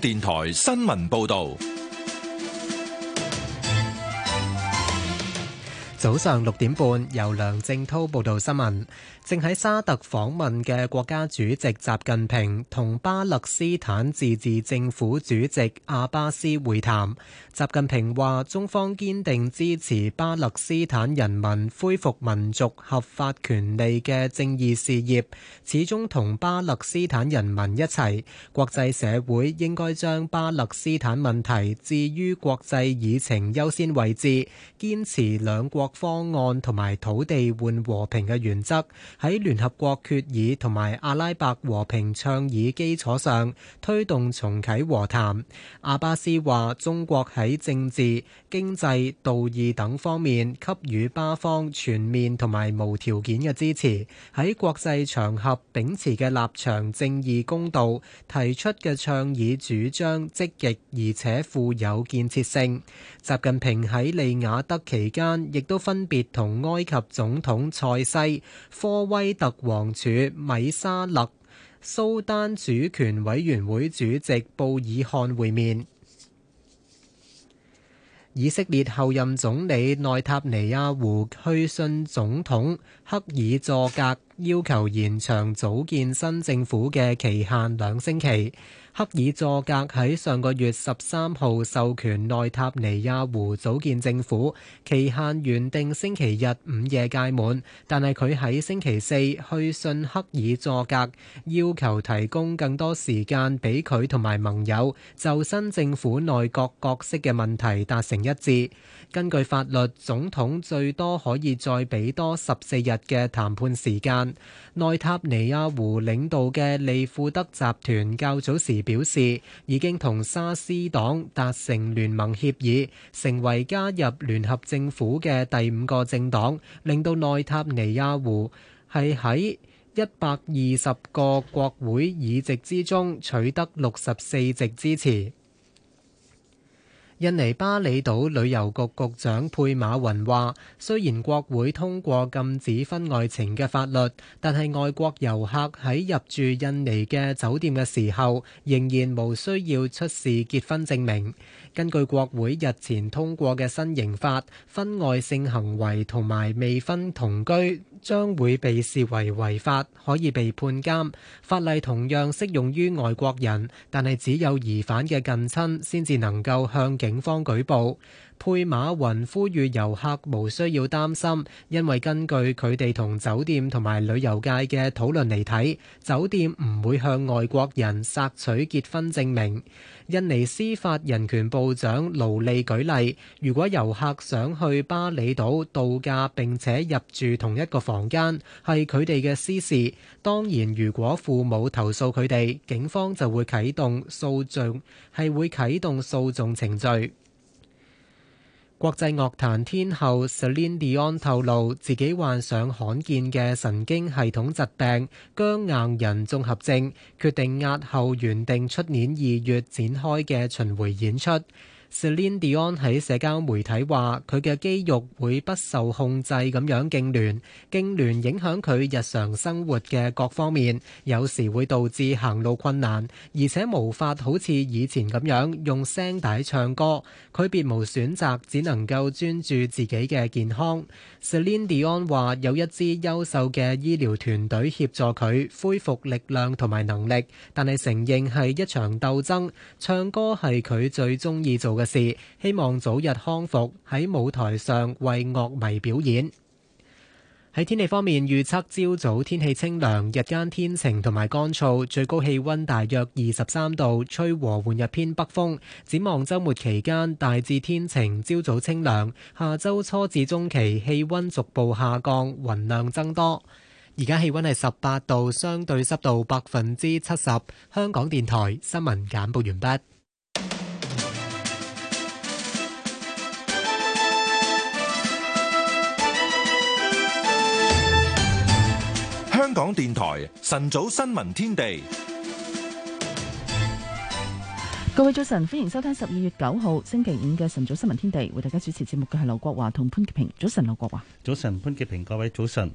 電台新聞報道。早上六點半，由梁正滔報道新聞。正喺沙特訪問嘅國家主席習近平同巴勒斯坦自治政府主席阿巴斯會談。習近平話：中方堅定支持巴勒斯坦人民恢復民族合法權利嘅正義事業，始終同巴勒斯坦人民一齊。國際社會應該將巴勒斯坦問題置於國際議程優先位置，堅持兩國方方案同埋土地換和平嘅原則，喺聯合國決議同埋阿拉伯和平倡議基礎上推動重啟和談。阿巴斯話：中國喺政治、經濟、道義等方面給予巴方全面同埋無條件嘅支持，喺國際場合秉持嘅立場正義公道，提出嘅倡議主張積極而且富有建設性。習近平喺利雅德期間，亦都分別同埃及總統塞西、科威特王儲米沙勒、蘇丹主權委員會主席布爾漢會面。以色列後任總理內塔尼亞胡去信總統克爾佐格，要求延長組建新政府嘅期限兩星期。克爾佐格喺上個月十三號授權內塔尼亞胡組建政府，期限原定星期日午夜屆滿，但係佢喺星期四去信克爾佐格，要求提供更多時間俾佢同埋盟友就新政府內閣角色嘅問題達成一致。根據法律，總統最多可以再俾多十四日嘅談判時間。內塔尼亞胡領導嘅利庫德集團較早時表示，已經同沙斯黨達成聯盟協議，成為加入聯合政府嘅第五個政黨，令到內塔尼亞胡係喺一百二十個國會議席之中取得六十四席支持。印尼巴厘島旅遊局局長佩馬雲話：雖然國會通過禁止婚外情嘅法律，但係外國遊客喺入住印尼嘅酒店嘅時候，仍然無需要出示結婚證明。根據國會日前通過嘅新刑法，婚外性行為同埋未婚同居，將會被視為違法，可以被判監。法例同樣適用於外國人，但係只有疑犯嘅近親先至能夠向警方舉報。佩馬雲呼籲遊客無需要擔心，因為根據佢哋同酒店同埋旅遊界嘅討論嚟睇，酒店唔會向外國人索取結婚證明。印尼司法人權部長勞利舉例，如果遊客想去巴厘島度假並且入住同一個房間，係佢哋嘅私事。當然，如果父母投訴佢哋，警方就會啟動訴訟，係會啟動訴訟程序。國際樂壇天后 Celine Dion 透露，自己患上罕見嘅神經系統疾病——僵硬人綜合症，決定押後原定出年二月展開嘅巡迴演出。Celine Dion 喺社交媒體話：佢嘅肌肉會不受控制咁樣痙攣，痙攣影響佢日常生活嘅各方面，有時會導致行路困難，而且無法好似以前咁樣用聲帶唱歌。佢別無選擇，只能夠專注自己嘅健康。Celine Dion 話：有一支優秀嘅醫療團隊協助佢恢復力量同埋能力，但係承認係一場鬥爭。唱歌係佢最鍾意做嘅事，希望早日康復，喺舞台上為樂迷表演。喺天氣方面，預測朝早天氣清涼，日間天晴同埋乾燥，最高氣溫大約二十三度，吹和緩日偏北風。展望週末期間大致天晴，朝早清涼。下周初至中期氣溫逐步下降，雲量增多。而家氣溫係十八度，相對濕度百分之七十。香港電台新聞簡報完畢。香港電台晨早新聞天地，各位早晨，歡迎收聽十二月九號星期五嘅晨早新聞天地。為大家主持節目嘅係劉國華同潘潔平。早晨，劉國華，早晨，潘潔平，各位早晨。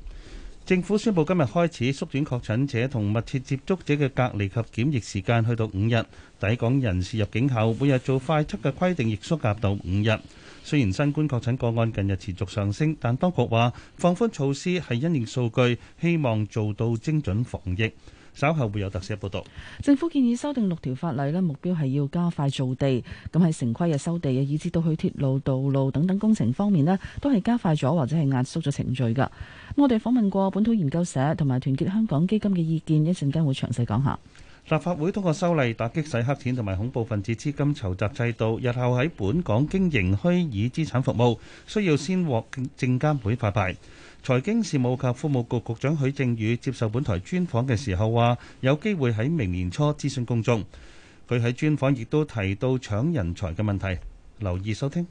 政府宣布今日開始縮短確診者同密切接觸者嘅隔離及檢疫時間，去到五日。抵港人士入境後，每日做快測嘅規定亦縮減到五日。雖然新冠確診個案近日持續上升，但當局話放寬措施係因應數據，希望做到精準防疫。稍後會有特寫報道。政府建議修訂六條法例咧，目標係要加快造地。咁喺城規啊、收地啊，以至到去鐵路、道路等等工程方面咧，都係加快咗或者係壓縮咗程序噶。我哋訪問過本土研究社同埋團結香港基金嘅意見，一陣間會詳細講下。立法會通過修例打擊洗黑錢同埋恐怖分子資金籌集制度，日後喺本港經營虛擬資產服務需要先獲證監會發牌。財經事務及服務局局長許正宇接受本台專訪嘅時候話，有機會喺明年初諮詢公眾。佢喺專訪亦都提到搶人才嘅問題。留意收聽，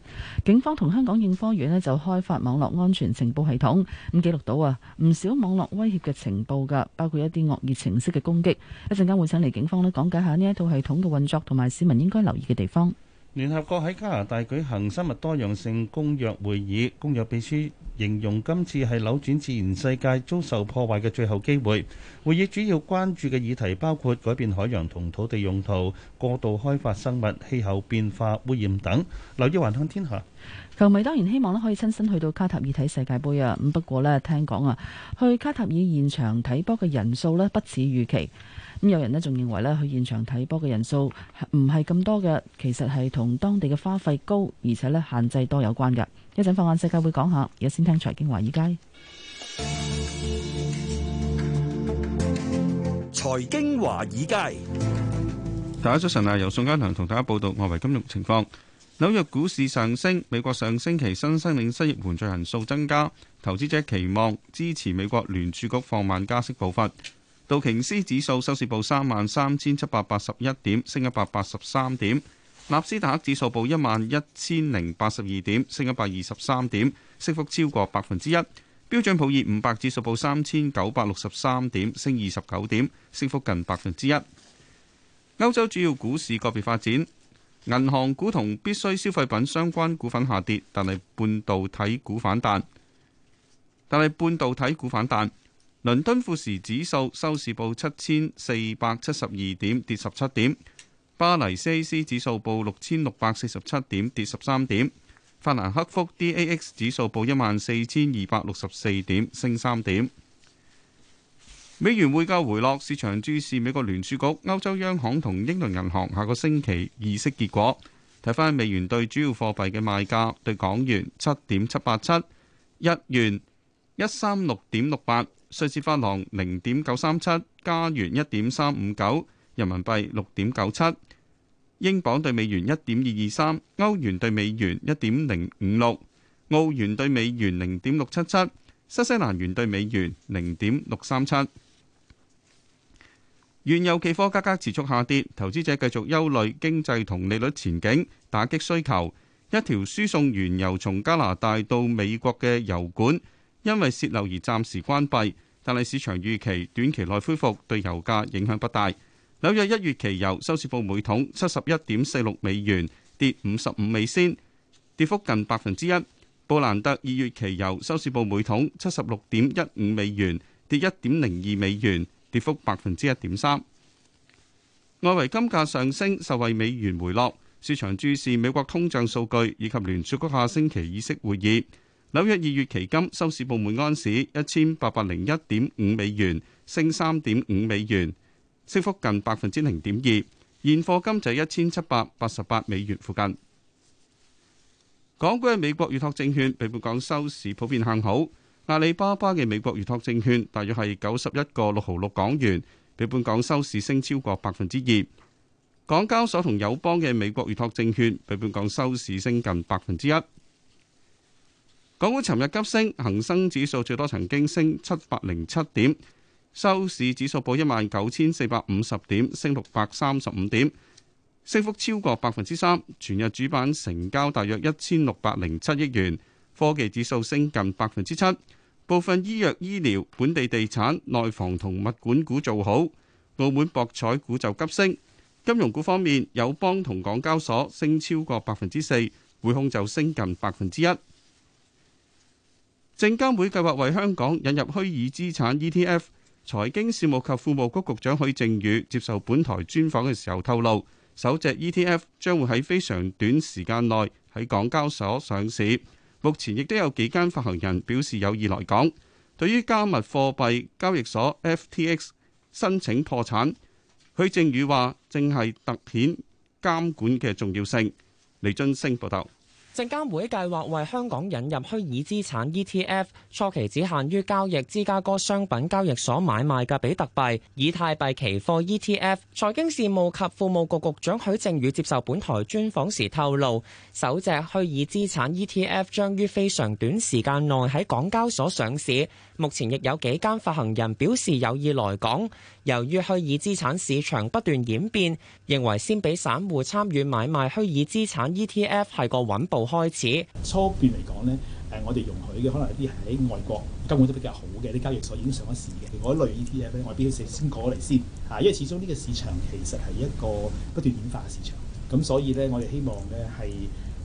警方同香港應科院呢就開發網絡安全情報系統，咁記錄到啊唔少網絡威脅嘅情報噶，包括一啲惡意程式嘅攻擊。一陣間會請嚟警方呢講解下呢一套系統嘅運作同埋市民應該留意嘅地方。聯合國喺加拿大舉行生物多樣性公約會議，公約秘書形容今次係扭轉自然世界遭受破壞嘅最後機會。會議主要關注嘅議題包括改變海洋同土地用途、過度開發生物、氣候變化、污染等。留意環通天下。球迷當然希望咧可以親身去到卡塔爾睇世界盃啊，咁不過咧聽講啊，去卡塔爾現場睇波嘅人數呢，不似預期。咁有人咧仲認為咧去現場睇波嘅人數唔係咁多嘅，其實係同當地嘅花費高，而且咧限制多有關嘅。一陣放眼世界會講下，而家先聽財經華爾街。財經華爾街，大家早晨啊！由宋嘉良同大家報道外圍金融情況。紐約股市上升，美國上星期新申請失業援助人數增加，投資者期望支持美國聯儲局放慢加息步伐。道瓊斯指數收市報三萬三千七百八十一點，升一百八十三點；納斯達克指數報一萬一千零八十二點，升一百二十三點，升幅超過百分之一。標準普爾五百指數報三千九百六十三點，升二十九點，升幅近百分之一。歐洲主要股市個別發展，銀行股同必需消費品相關股份下跌，但係半導體股反彈，但係半導體股反彈。倫敦富時指數收市報七千四百七十二點，跌十七點。巴黎 CAC 指數報六千六百四十七點，跌十三點。法蘭克福 DAX 指數報一萬四千二百六十四點，升三點。美元匯價回落，市場注視美國聯儲局、歐洲央行同英倫銀行下個星期議息結果。睇翻美元對主要貨幣嘅賣價，對港元七點七八七，日元一三六點六八。瑞士法郎零點九三七，加元一點三五九，人民幣六點九七，英鎊對美元一點二二三，歐元對美元一點零五六，澳元對美元零點六七七，新西蘭元對美元零點六三七。原油期貨價格持續下跌，投資者繼續憂慮經濟同利率前景，打擊需求。一條輸送原油從加拿大到美國嘅油管，因為洩漏而暫時關閉，但係市場預期短期內恢復，對油價影響不大。紐約一月期油收市報每桶七十一點四六美元，跌五十五美仙，跌幅近百分之一。布蘭特二月期油收市報每桶七十六點一五美元，跌一點零二美元，跌幅百分之一點三。外圍金價上升，受惠美元回落，市場注視美國通脹數據以及聯儲局下星期議息會議。紐約二月期金收市報每安市一千八百零一點五美元，升三點五美元，升幅近百分之零點二。現貨金就一千七百八十八美元附近。港股嘅美國預託證券比本港收市普遍向好。阿里巴巴嘅美國預託證券大約係九十一個六毫六港元，比本港收市升超過百分之二。港交所同友邦嘅美國預託證券比本港收市升近百分之一。港股尋日急升，恒生指數最多曾經升七百零七點，收市指數報一萬九千四百五十點，升六百三十五點，升幅超過百分之三。全日主板成交大約一千六百零七億元，科技指數升近百分之七。部分醫藥、醫療、本地地產、內房同物管股做好，澳門博彩股就急升。金融股方面，友邦同港交所升超過百分之四，匯控就升近百分之一。證監會計劃為香港引入虛擬資產 ETF，財經事務及庫務局局長許正宇接受本台專訪嘅時候透露，首隻 ETF 將會喺非常短時間內喺港交所上市。目前亦都有幾間發行人表示有意來港。對於加密貨幣交易所 FTX 申請破產，許正宇話正係凸顯監管嘅重要性。李津升報道。證監會計劃為香港引入虛擬資產 ETF，初期只限於交易芝加哥商品交易所買賣嘅比特幣以太幣期貨 ETF。財經事務及庫務局局長許正宇接受本台專訪時透露，首隻虛擬資產 ETF 將於非常短時間內喺港交所上市。目前亦有幾間發行人表示有意來港。由於虛擬資產市場不斷演變，認為先俾散戶參與買賣虛擬資產 ETF 係個穩步。開始初段嚟講咧，誒，我哋容許嘅可能有啲係喺外國，根本都比較好嘅啲交易所已經上咗市嘅，另外一類呢啲嘢，我哋先過嚟先嚇，因為始終呢個市場其實係一個不斷演化嘅市場，咁所以咧，我哋希望咧係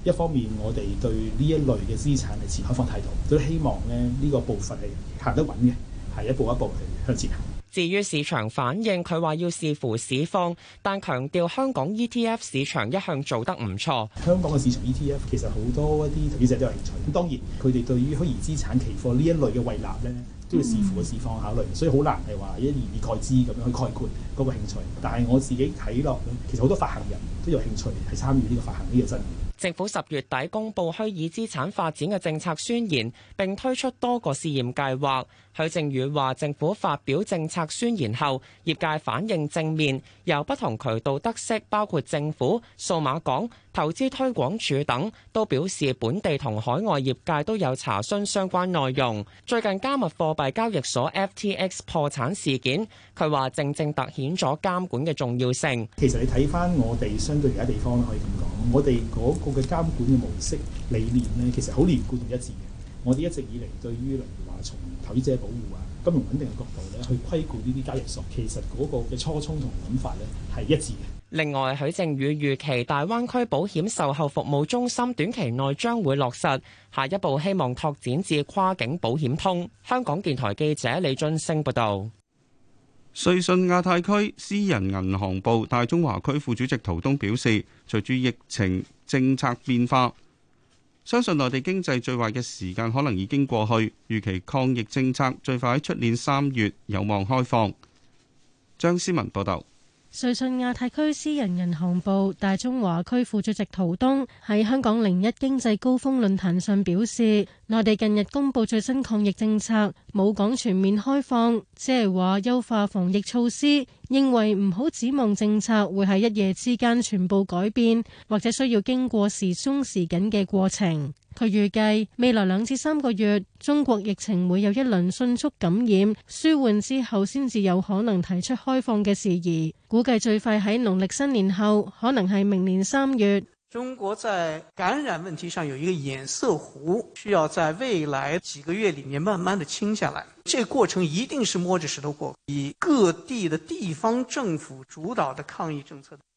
一方面，我哋對呢一類嘅資產係持開放態度，都希望咧呢個步伐係行得穩嘅，係一步一步去向前行。至於市場反應，佢話要視乎市況，但強調香港 ETF 市場一向做得唔錯。香港嘅市場 ETF 其實好多一啲投資者都有興趣。咁當然佢哋對於虛擬資產期貨呢一類嘅胃納咧，都要視乎個市況考慮。所以好難係話一言以概之咁樣去概括嗰個興趣。但係我自己睇落，其實好多發行人都有興趣係參與呢個發行呢個生意。政府十月底公布虛擬資產發展嘅政策宣言，並推出多個試驗計劃。許正宇話：政府發表政策宣言後，業界反應正面，由不同渠道得悉，包括政府、數碼港、投資推廣署等，都表示本地同海外業界都有查詢相關內容。最近加密貨幣交易所 FTX 破產事件，佢話正正凸顯咗監管嘅重要性。其實你睇返我哋相對其他地方，可以咁講，我哋嗰個嘅監管嘅模式理念呢，其實好連貫一致嘅。我哋一直以嚟對於。從投資者保護啊、金融穩定嘅角度咧，去規管呢啲交易所，其實嗰個嘅初衷同諗法咧係一致嘅。另外，許正宇預期大灣區保險售後服務中心短期內將會落實，下一步希望拓展至跨境保險通。香港電台記者李津升報道。瑞信亞太區私人銀行部大中華區副主席陶東表示，隨住疫情政策變化。相信內地經濟最壞嘅時間可能已經過去，預期抗疫政策最快喺出年三月有望開放。張思文報道。瑞信亞太區私人銀行部大中華區副主席陶東喺香港零一經濟高峰論壇上表示，內地近日公布最新抗疫政策，冇講全面開放，即係話優化防疫措施。認為唔好指望政策會喺一夜之間全部改變，或者需要經過時鬆時緊嘅過程。佢預計未來兩至三個月，中國疫情會有一輪迅速感染，舒緩之後先至有可能提出開放嘅事宜。估計最快喺農曆新年後，可能係明年三月。中國在感染問題上有一個堰塞湖，需要在未來幾個月裡面慢慢的清下來。這個、過程一定是摸着石頭過，以各地的地方政府主導的抗疫政策。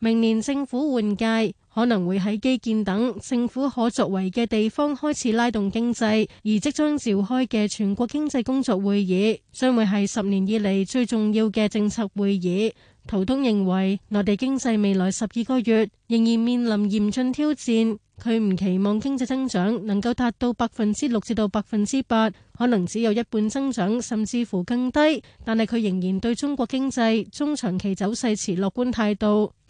明年政府換屆可能會喺基建等政府可作為嘅地方開始拉動經濟，而即將召開嘅全國經濟工作會議將會係十年以嚟最重要嘅政策會議。陶冬認為，內地經濟未來十二個月仍然面臨嚴峻挑戰，佢唔期望經濟增長能夠達到百分之六至到百分之八，可能只有一半增長，甚至乎更低。但係佢仍然對中國經濟中長期走勢持樂觀態度。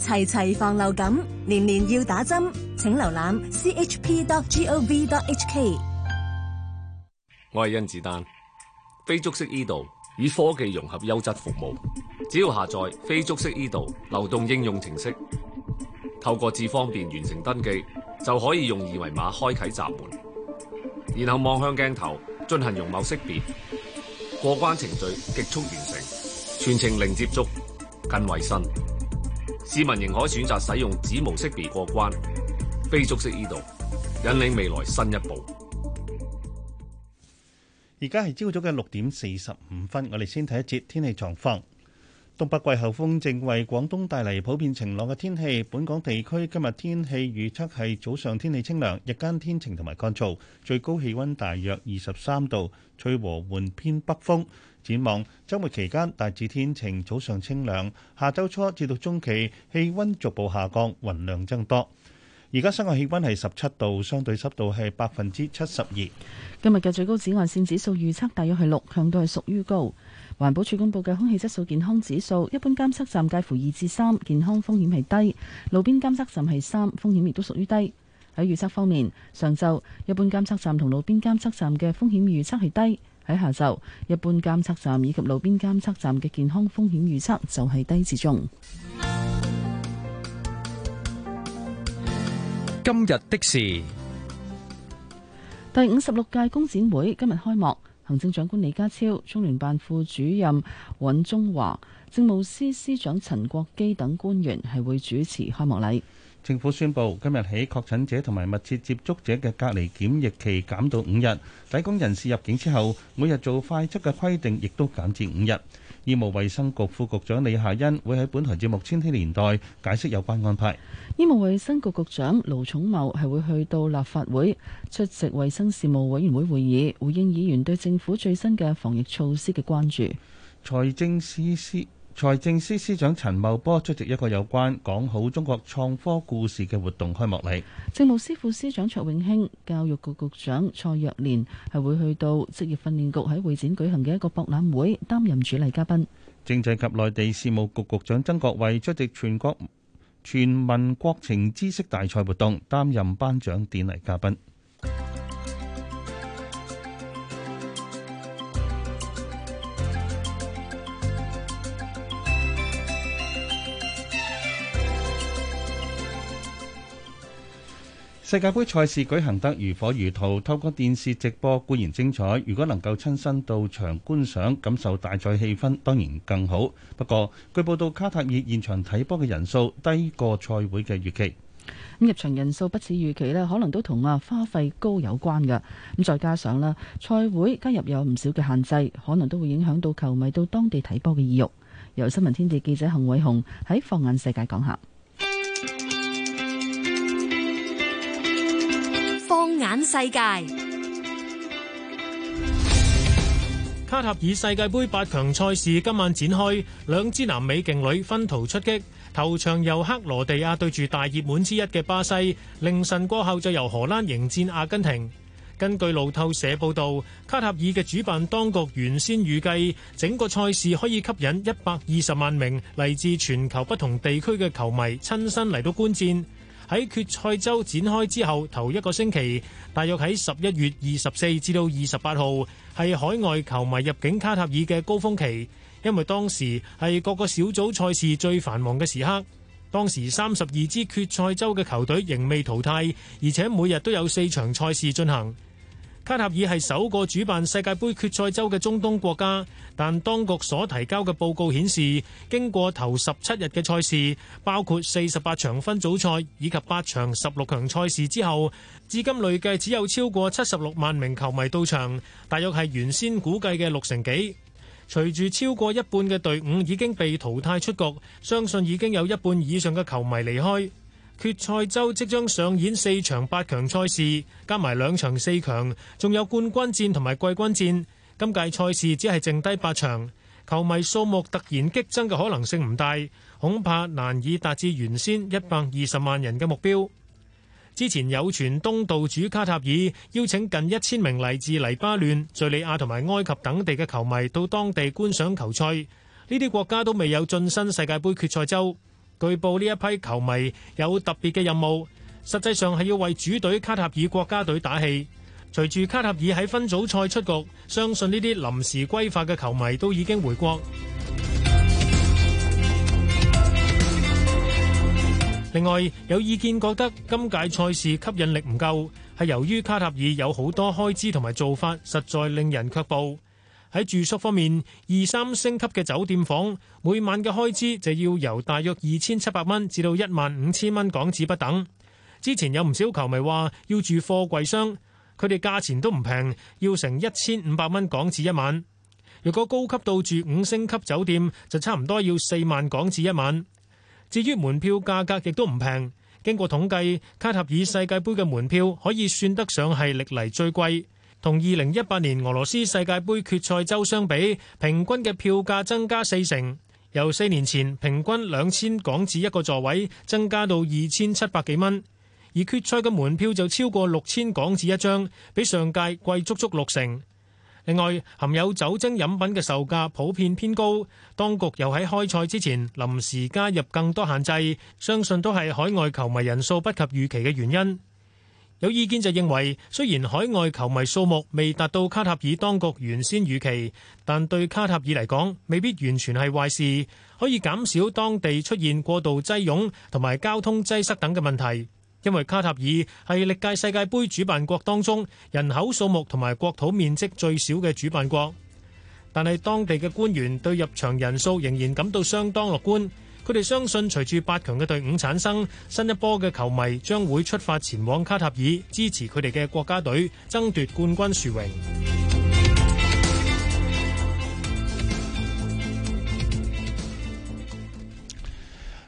齊齊防流感，年年要打針，請瀏覽 chp.gov.hk。我係甄子丹，非觸式 e 道以科技融合優質服務，只要下載非觸式 e 道流動應用程式，透過智方便完成登記，就可以用二維碼開啟閘門，然後望向鏡頭進行容貌識別，過關程序極速完成，全程零接觸，更衛生。市民仍可選擇使用指模識別過關，非觸式依度引領未來新一步。而家係朝早嘅六點四十五分，我哋先睇一節天氣狀況。東北季候風正為廣東帶嚟普遍晴朗嘅天氣，本港地區今日天氣預測係早上天氣清涼，日間天晴同埋乾燥，最高氣温大約二十三度，吹和緩，緩偏北風。展望周末期間大致天晴，早上清涼，下周初至到中期，氣溫逐步下降，雲量增多。而家室外氣溫係十七度，相對濕度係百分之七十二。今日嘅最高紫外線指數預測大約係六，強度係屬於高。環保署公佈嘅空氣質素健康指數，一般監測站介乎二至三，健康風險係低。路邊監測站係三，風險亦都屬於低。喺預測方面，上晝一般監測站同路邊監測站嘅風險預測係低。喺下晝，一般監測站以及路邊監測站嘅健康風險預測就係低至中。今日的事，第五十六屆工展會今日開幕，行政長官李家超、中聯辦副主任尹中華、政務司司長陳國基等官員係會主持開幕禮。政府宣布今日起，確診者同埋密切接觸者嘅隔離檢疫期減到五日。抵港人士入境之後，每日做快測嘅規定亦都減至五日。醫務衛生局副局長李夏欣會喺本台節目《千禧年代》解釋有關安排。醫務衛生局局長盧寵茂係會去到立法會出席衛生事務委員會會議，回應議員對政府最新嘅防疫措施嘅關注。財政司司財政司司長陳茂波出席一個有關講好中國創科故事嘅活動開幕禮。政務司副司長卓永興、教育局局長蔡若蓮係會去到職業訓練局喺會展舉行嘅一個博覽會擔任主禮嘉賓。政制及內地事務局局長曾國衛出席全國全民國情知識大賽活動，擔任頒獎典禮嘉賓。世界盃賽事舉行得如火如荼，透過電視直播固然精彩，如果能夠親身到場觀賞，感受大賽氣氛，當然更好。不過，據報道，卡塔爾現場睇波嘅人數低過賽會嘅預期。咁入場人數不似預期咧，可能都同啊花費高有關嘅。咁再加上咧，賽會加入有唔少嘅限制，可能都會影響到球迷到當地睇波嘅意欲。由新聞天地記者幸偉雄喺放眼世界講下。眼世界，卡塔爾世界杯八強賽事今晚展開，兩支南美勁旅分途出擊。頭場由克羅地亞對住大熱門之一嘅巴西，凌晨過後就由荷蘭迎戰阿根廷。根據路透社報道，卡塔爾嘅主辦當局原先預計，整個賽事可以吸引一百二十萬名嚟自全球不同地區嘅球迷親身嚟到觀戰。喺決賽周展開之後，頭一個星期，大約喺十一月二十四至到二十八號，係海外球迷入境卡塔爾嘅高峰期，因為當時係各個小組賽事最繁忙嘅時刻。當時三十二支決賽周嘅球隊仍未淘汰，而且每日都有四場賽事進行。卡塔爾係首個主辦世界杯決賽周嘅中東國家，但當局所提交嘅報告顯示，經過頭十七日嘅賽事，包括四十八場分組賽以及八場十六強賽事之後，至今累計只有超過七十六萬名球迷到場，大約係原先估計嘅六成幾。隨住超過一半嘅隊伍已經被淘汰出局，相信已經有一半以上嘅球迷離開。決賽周即將上演四場八強賽事，加埋兩場四強，仲有冠軍戰同埋季軍戰。今屆賽事只係剩低八場，球迷數目突然激增嘅可能性唔大，恐怕難以達至原先一百二十萬人嘅目標。之前有傳東道主卡塔爾邀請近一千名嚟自黎巴嫩、敘利亞同埋埃及等地嘅球迷到當地觀賞球賽，呢啲國家都未有晉身世界盃決賽周。據報呢一批球迷有特別嘅任務，實際上係要為主隊卡塔爾國家隊打氣。隨住卡塔爾喺分組賽出局，相信呢啲臨時歸化嘅球迷都已經回國。另外，有意見覺得今屆賽事吸引力唔夠，係由於卡塔爾有好多開支同埋做法，實在令人卻步。喺住宿方面，二三星級嘅酒店房每晚嘅開支就要由大約二千七百蚊至到一萬五千蚊港紙不等。之前有唔少球迷話要住貨櫃箱，佢哋價錢都唔平，要成一千五百蚊港紙一晚。如果高級到住五星級酒店，就差唔多要四萬港紙一晚。至於門票價格亦都唔平，經過統計，卡塔爾世界盃嘅門票可以算得上係歷嚟最貴。同二零一八年俄羅斯世界盃決賽周相比，平均嘅票價增加四成，由四年前平均兩千港紙一個座位，增加到二千七百幾蚊。而決賽嘅門票就超過六千港紙一張，比上屆貴足足六成。另外，含有酒精飲品嘅售價普遍偏高，當局又喺開賽之前臨時加入更多限制，相信都係海外球迷人數不及預期嘅原因。有意見就認為，雖然海外球迷數目未達到卡塔爾當局原先預期，但對卡塔爾嚟講未必完全係壞事，可以減少當地出現過度擠擁同埋交通擠塞等嘅問題。因為卡塔爾係歷屆世界盃主辦國當中人口數目同埋國土面積最少嘅主辦國，但係當地嘅官員對入場人數仍然感到相當樂觀。佢哋相信，隨住八強嘅隊伍產生，新一波嘅球迷將會出發前往卡塔爾，支持佢哋嘅國家隊爭奪冠軍殊榮。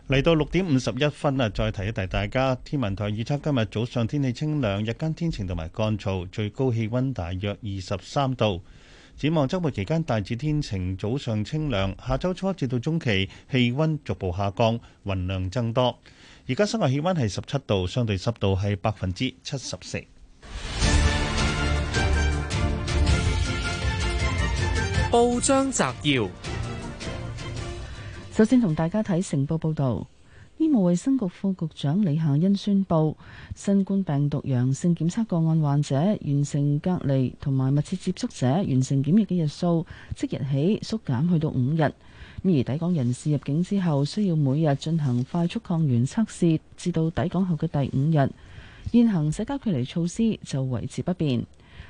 嚟到六點五十一分啊，再提一提大家。天文台預測今日早上天氣清涼，日間天晴同埋乾燥，最高氣溫大約二十三度。展望周末期間大致天晴，早上清涼，下周初至到中期氣溫逐步下降，雲量增多。而家室外氣溫係十七度，相對濕度係百分之七十四。報章摘要，首先同大家睇成報報道。醫務衛生局副局長李夏欣宣布，新冠病毒陽性檢測個案患者完成隔離同埋密切接觸者完成檢疫嘅日數，即日起縮減去到五日。而抵港人士入境之後，需要每日進行快速抗原測試，至到抵港後嘅第五日。現行社交距離措施就維持不變。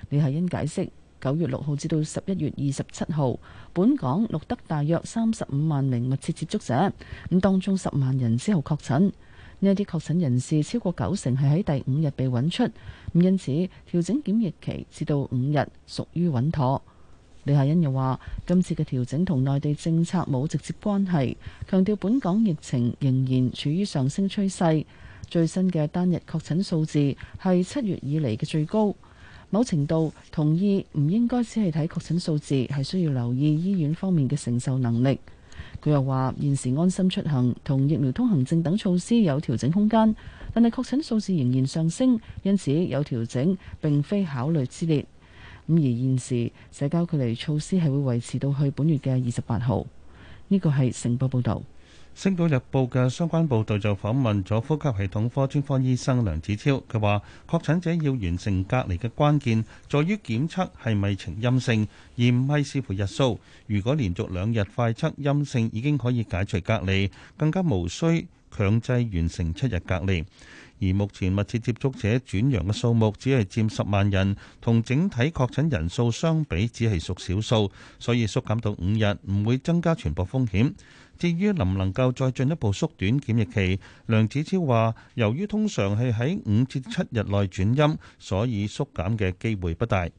李夏欣解釋。九月六號至到十一月二十七號，本港錄得大約三十五萬名密切接觸者，咁當中十萬人之後確診，呢一啲確診人士超過九成係喺第五日被揾出，因此調整檢疫期至到五日屬於穩妥。李夏茵又話：今次嘅調整同內地政策冇直接關係，強調本港疫情仍然處於上升趨勢，最新嘅單日確診數字係七月以嚟嘅最高。某程度同意，唔應該只係睇確診數字，係需要留意醫院方面嘅承受能力。佢又話現時安心出行同疫苗通行證等措施有調整空間，但係確診數字仍然上升，因此有調整並非考慮之列。咁而現時社交距離措施係會維持到去本月嘅二十八號，呢、這個係成報報道。星島日報嘅相關報導就訪問咗呼吸系統科專科醫生梁子超，佢話，確診者要完成隔離嘅關鍵，在於檢測係咪呈陰性，而唔係視乎日數，如果連續兩日快測陰性，已經可以解除隔離，更加無需，強制完成七日隔離。而目前密切接觸者轉陽嘅數目只係佔十萬人，同整體確診人數相比只係屬少數，所以縮減到五日，唔會增加傳播風險。至於能唔能夠再進一步縮短檢疫期，梁子超話：由於通常係喺五至七日內轉陰，所以縮減嘅機會不大。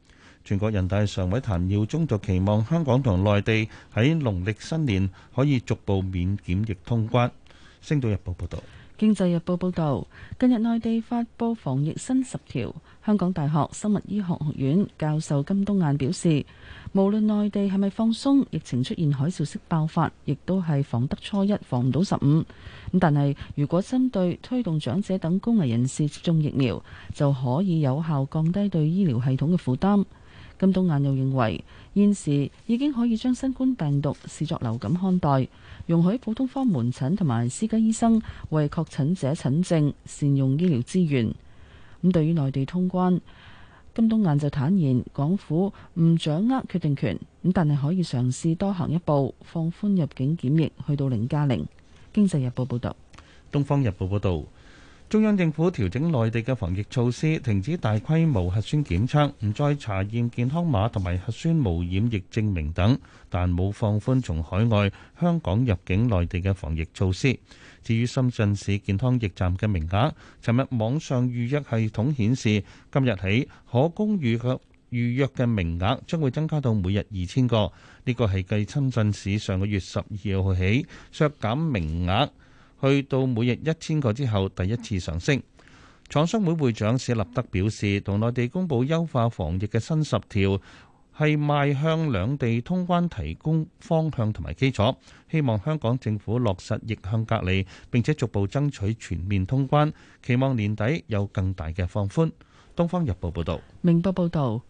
全國人大常委譚耀宗就期望香港同內地喺農曆新年可以逐步免檢疫通關。星島日報報導，《經濟日報》報導，近日內地發布防疫新十條，香港大學生物醫學學院教授金冬燕表示。無論內地係咪放鬆，疫情出現海嘯式爆發，亦都係防得初一，防唔到十五。咁但係，如果針對推動長者等高危人士接種疫苗，就可以有效降低對醫療系統嘅負擔。金冬雁又認為，現時已經可以將新冠病毒視作流感看待，容許普通科門診同埋私家醫生為確診者診症，善用醫療資源。咁對於內地通關，金冬雁就坦言，港府唔掌握決定權，咁但係可以嘗試多行一步，放寬入境檢疫，去到零加零。經濟日報報道。東方日報報導。中央政府調整內地嘅防疫措施，停止大規模核酸檢測，唔再查驗健康碼同埋核酸無染疫證明等，但冇放寬從海外、香港入境內地嘅防疫措施。至於深圳市健康驛站嘅名額，尋日網上預約系統顯示，今日起可供預約，預約嘅名額將會增加到每日二千個。呢個係繼深圳市上個月十二號起削減名額，去到每日一千個之後，第一次上升。廠商會會長史立德表示，同內地公布優化防疫嘅新十條，係邁向兩地通關提供方向同埋基礎。希望香港政府落實逆向隔離，並且逐步爭取全面通關。期望年底有更大嘅放寬。《東方日報》報導，明報報導，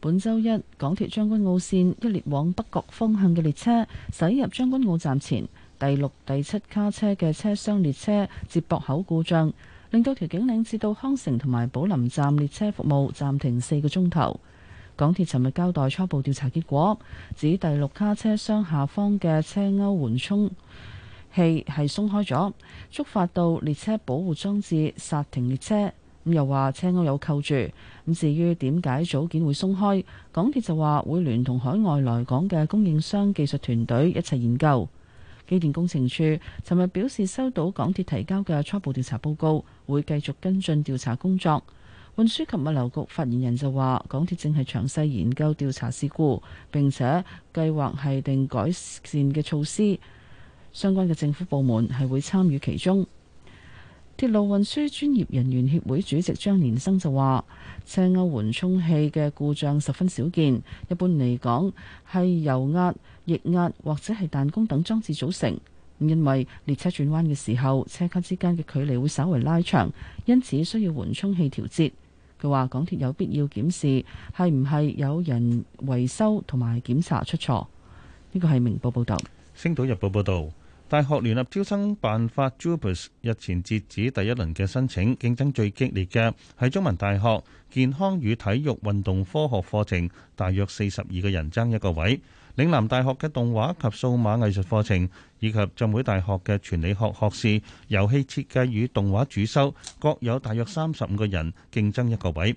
本週一港鐵將軍澳線一列往北角方向嘅列車，駛入將軍澳站前。第六、第七卡車嘅車廂列車接駁口故障，令到調景嶺至到康城同埋寶琳站列車服務暫停四個鐘頭。港鐵尋日交代初步調查結果，指第六卡車廂下方嘅車鈎緩衝器係鬆開咗，觸發到列車保護裝置剎停列車。咁又話車鈎有扣住。咁至於點解組件會鬆開，港鐵就話會聯同海外來港嘅供應商技術團隊一齊研究。機電工程處尋日表示收到港鐵提交嘅初步調查報告，會繼續跟進調查工作。運輸及物流局發言人就話，港鐵正係詳細研究調查事故，並且計劃擬定改善嘅措施。相關嘅政府部門係會參與其中。鐵路運輸專業人員協會主席張年生就話，車鈎緩衝器嘅故障十分少見，一般嚟講係油壓液壓或者係彈弓等裝置組成，咁因為列車轉彎嘅時候，車卡之間嘅距離會稍為拉長，因此需要緩衝器調節。佢話港鐵有必要檢視係唔係有人維修同埋檢查出錯。呢個係明報報道，《星島日報》報道，大學聯合招生辦法 （JUPAS） 日前截止第一輪嘅申請，競爭最激烈嘅係中文大學健康與體育運動科學課程，大約四十二個人爭一個位。嶺南大學嘅動畫及數碼藝術課程，以及浸會大學嘅傳理學學士、遊戲設計與動畫主修，各有大約三十五個人競爭一個位。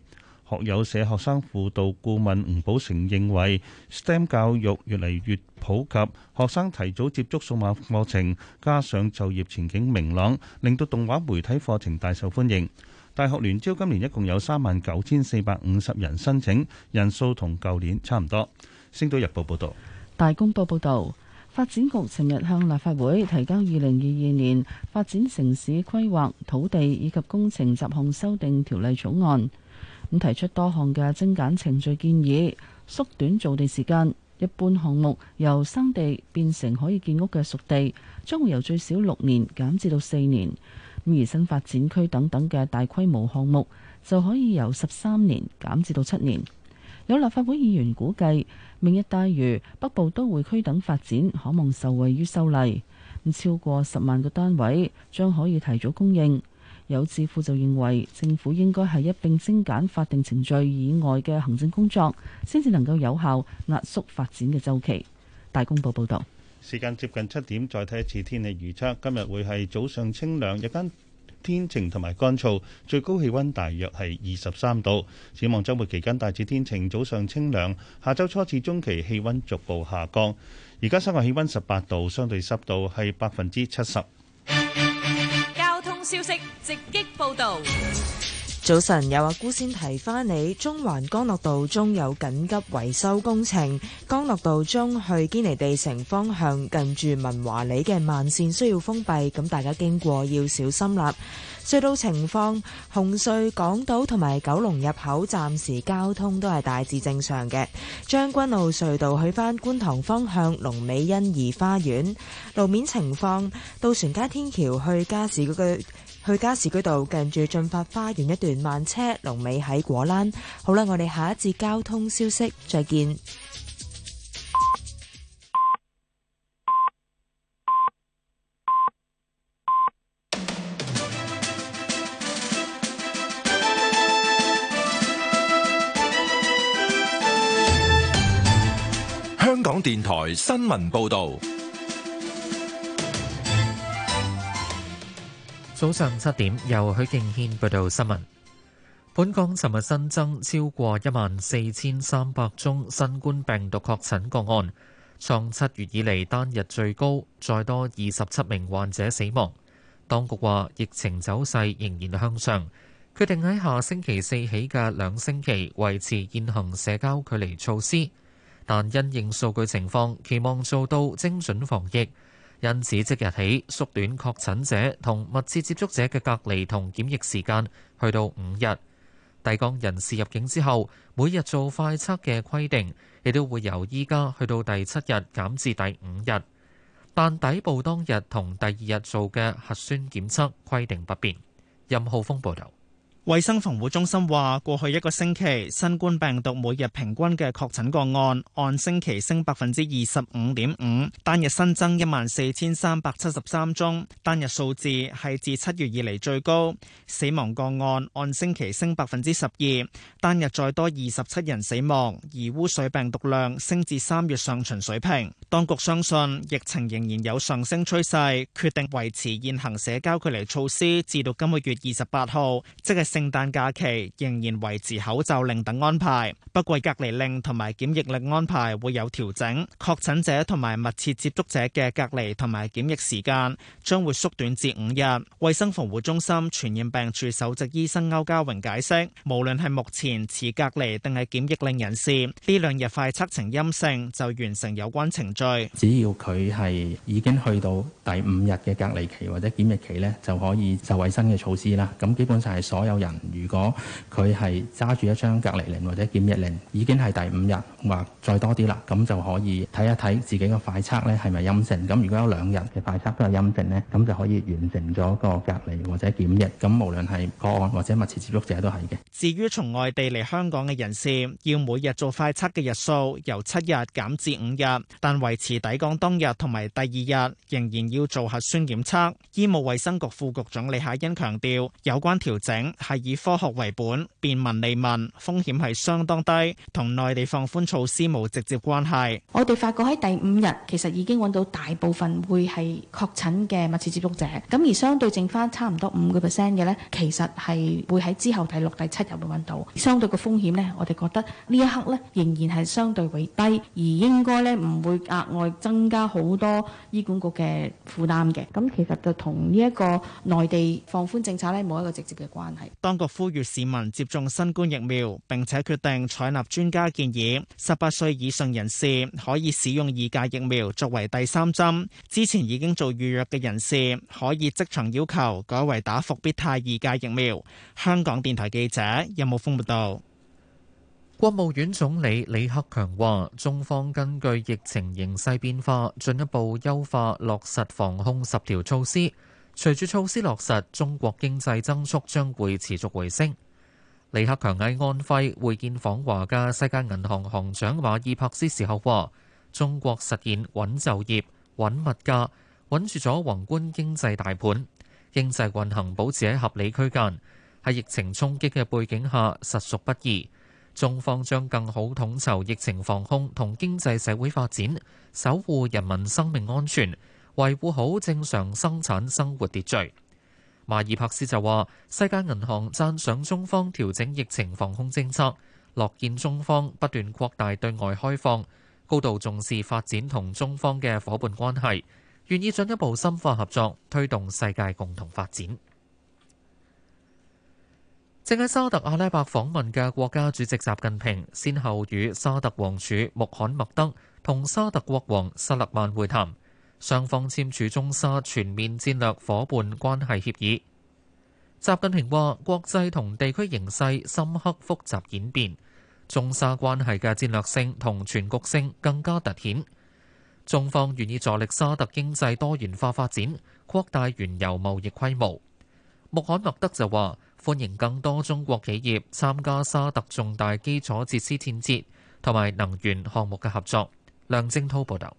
學友社學生輔導顧問吳寶成認為，STEM 教育越嚟越普及，學生提早接觸數碼課程，加上就業前景明朗，令到動畫媒體課程大受歡迎。大學聯招今年一共有三萬九千四百五十人申請，人數同舊年差唔多。星島日報報道，大公報報道，發展局尋日向立法會提交二零二二年發展城市規劃土地以及工程雜項修訂條例草案，咁提出多項嘅精簡程序建議，縮短造地時間。一般項目由生地變成可以建屋嘅熟地，將會由最少六年減至到四年。咁而新發展區等等嘅大規模項目就可以由十三年減至到七年。有立法會議員估計，明日大嶼，北部都會區等發展可望受惠於修例，咁超過十萬個單位將可以提早供應。有智庫就認為，政府應該係一並精簡法定程序以外嘅行政工作，先至能夠有效壓縮發展嘅周期。大公報報道：「時間接近七點，再睇一次天氣預測。今日會係早上清涼，日間，天晴同埋乾燥，最高氣溫大約係二十三度。展望周末期間大致天晴，早上清涼。下周初至中期氣溫逐步下降。而家室外氣溫十八度，相對濕度係百分之七十。交通消息直擊報道。早晨，有阿姑先提翻你，中環江樂道中有緊急維修工程，江樂道中去堅尼地城方向近住文華里嘅慢線需要封閉，咁大家經過要小心啦。隧道情況，紅隧港島同埋九龍入口暫時交通都係大致正常嘅。將軍澳隧道去返觀塘方向，龍尾欣怡花園路面情況，渡船街天橋去加士居。去加士居道近住駿發花園一段慢車龍尾喺果欄。好啦，我哋下一節交通消息再見。香港電台新聞報道。早上七點，由許敬軒報道新聞。本港尋日新增超過一萬四千三百宗新冠病毒確診個案，創七月以嚟單日最高，再多二十七名患者死亡。當局話疫情走勢仍然向上，決定喺下星期四起嘅兩星期維持現行社交距離措施，但因應數據情況，期望做到精準防疫。因此，即日起縮短確診者同密切接觸者嘅隔離同檢疫時間，去到五日。抵港人士入境之後，每日做快測嘅規定，亦都會由依家去到第七日減至第五日。但抵埗當日同第二日做嘅核酸檢測規定不變。任浩峯報導。衛生防護中心話，過去一個星期，新冠病毒每日平均嘅確診個案按星期升百分之二十五點五，單日新增一萬四千三百七十三宗，單日數字係自七月以嚟最高。死亡個案按星期升百分之十二，單日再多二十七人死亡，而污水病毒量升至三月上旬水平。當局相信疫情仍然有上升趨勢，決定維持現行社交距離措施，至到今個月二十八號，即係。聖誕假期仍然維持口罩令等安排，不過隔離令同埋檢疫令安排會有調整。確診者同埋密切接觸者嘅隔離同埋檢疫時間將會縮短至五日。衛生防護中心傳染病處首席醫生歐家榮解釋，無論係目前持隔離定係檢疫令人士，呢兩日快測呈陰性就完成有關程序。只要佢係已經去到第五日嘅隔離期或者檢疫期呢，就可以就衛生嘅措施啦。咁基本上係所有人。人如果佢係揸住一張隔離令或者檢疫令，已經係第五日，話再多啲啦，咁就可以睇一睇自己嘅快測呢係咪陰性。咁如果有兩日嘅快測都係陰性呢，咁就可以完成咗個隔離或者檢疫。咁無論係個案或者密切接觸者都係嘅。至於從外地嚟香港嘅人士，要每日做快測嘅日數由七日減至五日，但維持抵港當日同埋第二日仍然要做核酸檢測。醫務衛生局副局長李夏茵強調，有關調整係，以科學為本，便民利民，風險係相當低，同內地放寬措施冇直接關係。我哋發覺喺第五日，其實已經揾到大部分會係確診嘅密切接觸者，咁而相對剩翻差唔多五個 percent 嘅呢，其實係會喺之後第六、第七日會揾到。相對個風險呢，我哋覺得呢一刻呢，仍然係相對為低，而應該呢唔會額外增加好多醫管局嘅負擔嘅。咁其實就同呢一個內地放寬政策呢，冇一個直接嘅關係。當局呼籲市民接種新冠疫苗，並且決定採納專家建議，十八歲以上人士可以使用二價疫苗作為第三針。之前已經做預約嘅人士可以即場要求改為打復必泰二價疫苗。香港電台記者任木峰報道。有有國務院總理李克強話，中方根據疫情形勢變化，進一步優化落實防控十條措施。隨住措施落實，中國經濟增速將會持續回升。李克強喺安徽會見訪華嘅世界銀行行長馬爾帕斯時候話：中國實現穩就業、穩物價，穩住咗宏觀經濟大盤，經濟運行保持喺合理區間。喺疫情衝擊嘅背景下，實屬不易。中方將更好統籌疫情防控同經濟社會發展，守護人民生命安全。維護好正常生產生活秩序。馬爾帕斯就話：世界銀行讚賞中方調整疫情防控政策，樂見中方不斷擴大對外開放，高度重視發展同中方嘅伙伴關係，願意進一步深化合作，推動世界共同發展。正喺沙特阿拉伯訪問嘅國家主席習近平，先後與沙特王儲穆罕默德同沙特國王薩勒曼會談。雙方簽署中沙全面戰略伙伴關係協議。習近平話：國際同地區形勢深刻複雜演變，中沙關係嘅戰略性同全局性更加突顯。中方願意助力沙特經濟多元化發展，擴大原油貿易規模。穆罕默德就話：歡迎更多中國企業參加沙特重大基礎設施建設同埋能源項目嘅合作。梁正滔報道。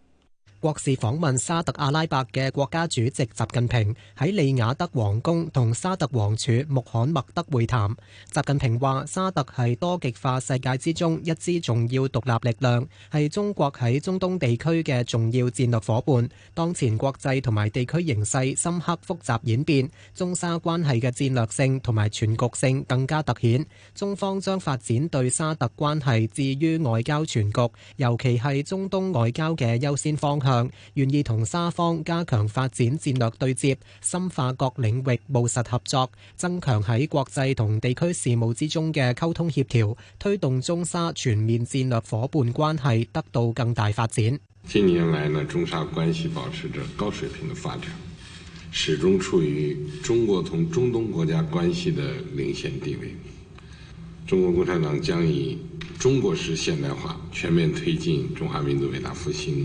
國事訪問沙特阿拉伯嘅國家主席習近平喺利雅德皇宮同沙特王儲穆罕默德會談。習近平話：沙特係多極化世界之中一支重要獨立力量，係中國喺中東地區嘅重要戰略伙伴。當前國際同埋地區形勢深刻複雜演變，中沙關係嘅戰略性同埋全局性更加凸顯。中方將發展對沙特關係置於外交全局，尤其係中東外交嘅優先方向。願意同沙方加強發展戰略對接，深化各領域務實合作，增強喺國際同地區事務之中嘅溝通協調，推動中沙全面戰略伙伴關係得到更大發展。近年來呢，呢中沙關係保持着高水平的發展，始終處於中國同中東國家關係的領先地位。中國共產黨將以中國式現代化全面推進中華民族偉大復興。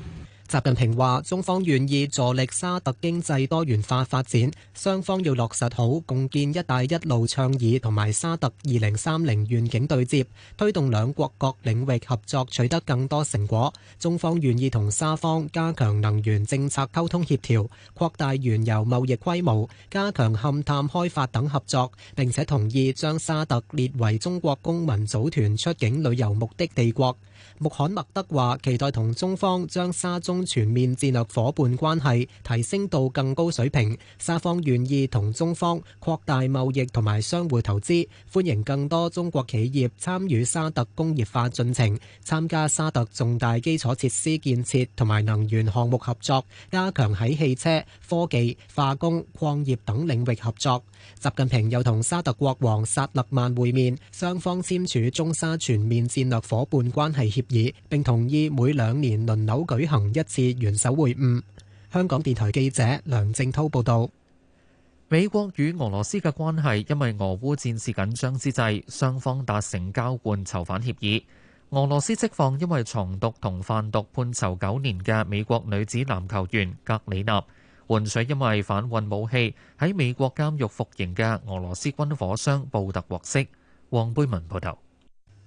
習近平話：中方願意助力沙特經濟多元化發展，雙方要落實好共建“一帶一路”倡議同埋沙特“二零三零願景”對接，推動兩國各領域合作取得更多成果。中方願意同沙方加強能源政策溝通協調，擴大原油貿易規模，加強勘探開發等合作，並且同意將沙特列為中國公民組團出境旅遊目的地國。穆罕默德話：期待同中方將沙中。全面戰略夥伴關係提升到更高水平，沙方願意同中方擴大貿易同埋相互投資，歡迎更多中國企業參與沙特工業化進程，參加沙特重大基礎設施建設同埋能源項目合作，加強喺汽車、科技、化工、礦業等領域合作。習近平又同沙特國王薩勒曼會面，雙方簽署中沙全面戰略夥伴關係協議，並同意每兩年輪流舉行一。次元首會晤。香港電台記者梁正濤報道：美國與俄羅斯嘅關係，因為俄烏戰事緊張之際，雙方達成交換囚犯協議。俄羅斯釋放因為藏毒同販毒判囚九年嘅美國女子籃球員格里納，換取因為販運武器喺美國監獄服刑嘅俄羅斯軍火商布特獲釋。黃貝文報道。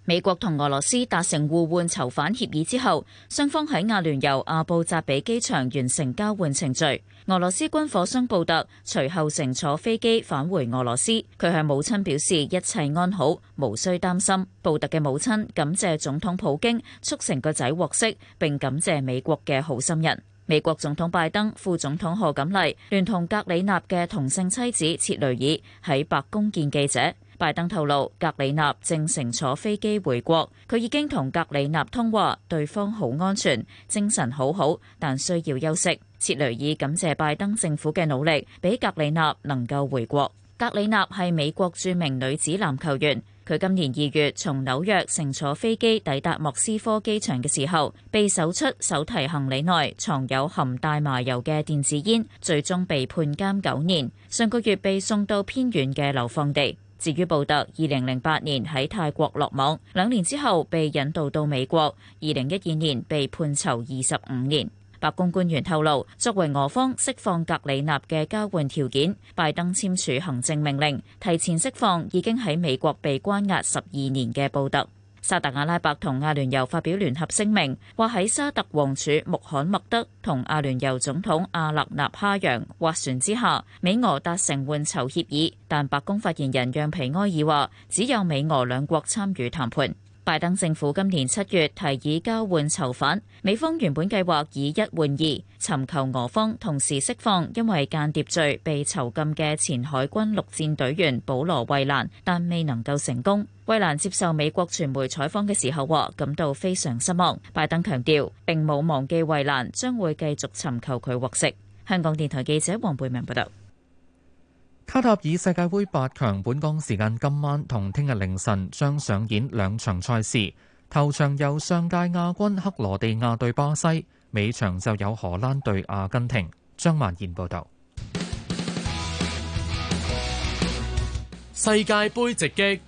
美國同俄羅斯達成互換囚犯協議之後，雙方喺阿聯酋阿布扎比機場完成交換程序。俄羅斯軍火商布特隨後乘坐飛機返回俄羅斯。佢向母親表示一切安好，無需擔心。布特嘅母親感謝總統普京促成個仔獲釋，並感謝美國嘅好心人。美國總統拜登、副總統賀錦麗聯同格里納嘅同性妻子切雷爾喺白宮見記者。拜登透露，格里納正乘坐飛機回國。佢已經同格里納通話，對方好安全，精神好好，但需要休息。切雷爾感謝拜登政府嘅努力，俾格里納能夠回國。格里納係美國著名女子籃球員。佢今年二月從紐約乘坐飛機抵達莫斯科機場嘅時候，被搜出手提行李內藏有含大麻油嘅電子煙，最終被判監九年。上個月被送到偏遠嘅流放地。至於布特，2008年喺泰國落網，兩年之後被引渡到美國，2012年被判囚25年。白宮官員透露，作為俄方釋放格里納嘅交換條件，拜登簽署行政命令，提前釋放已經喺美國被關押12年嘅布特。沙特阿拉伯同阿聯酋發表聯合聲明，話喺沙特王儲穆，穆罕默德同阿聯酋總統阿勒納哈揚斡旋之下，美俄達成換囚協議，但白宮發言人讓皮埃爾話只有美俄兩國參與談判。拜登政府今年七月提議交換囚犯，美方原本計劃以一換二，尋求俄方同時釋放因為間諜罪被囚禁嘅前海軍陸戰隊員保羅衛蘭，但未能夠成功。衛蘭接受美國傳媒採訪嘅時候話感到非常失望。拜登強調，並冇忘記衛蘭，將會繼續尋求佢獲釋。香港電台記者黃貝明報道。卡塔爾世界盃八強，本港時間今晚同聽日凌晨將上演兩場賽事。頭場由上屆亞軍克羅地亞對巴西，尾場就有荷蘭對阿根廷。張萬賢報導。世界盃直擊。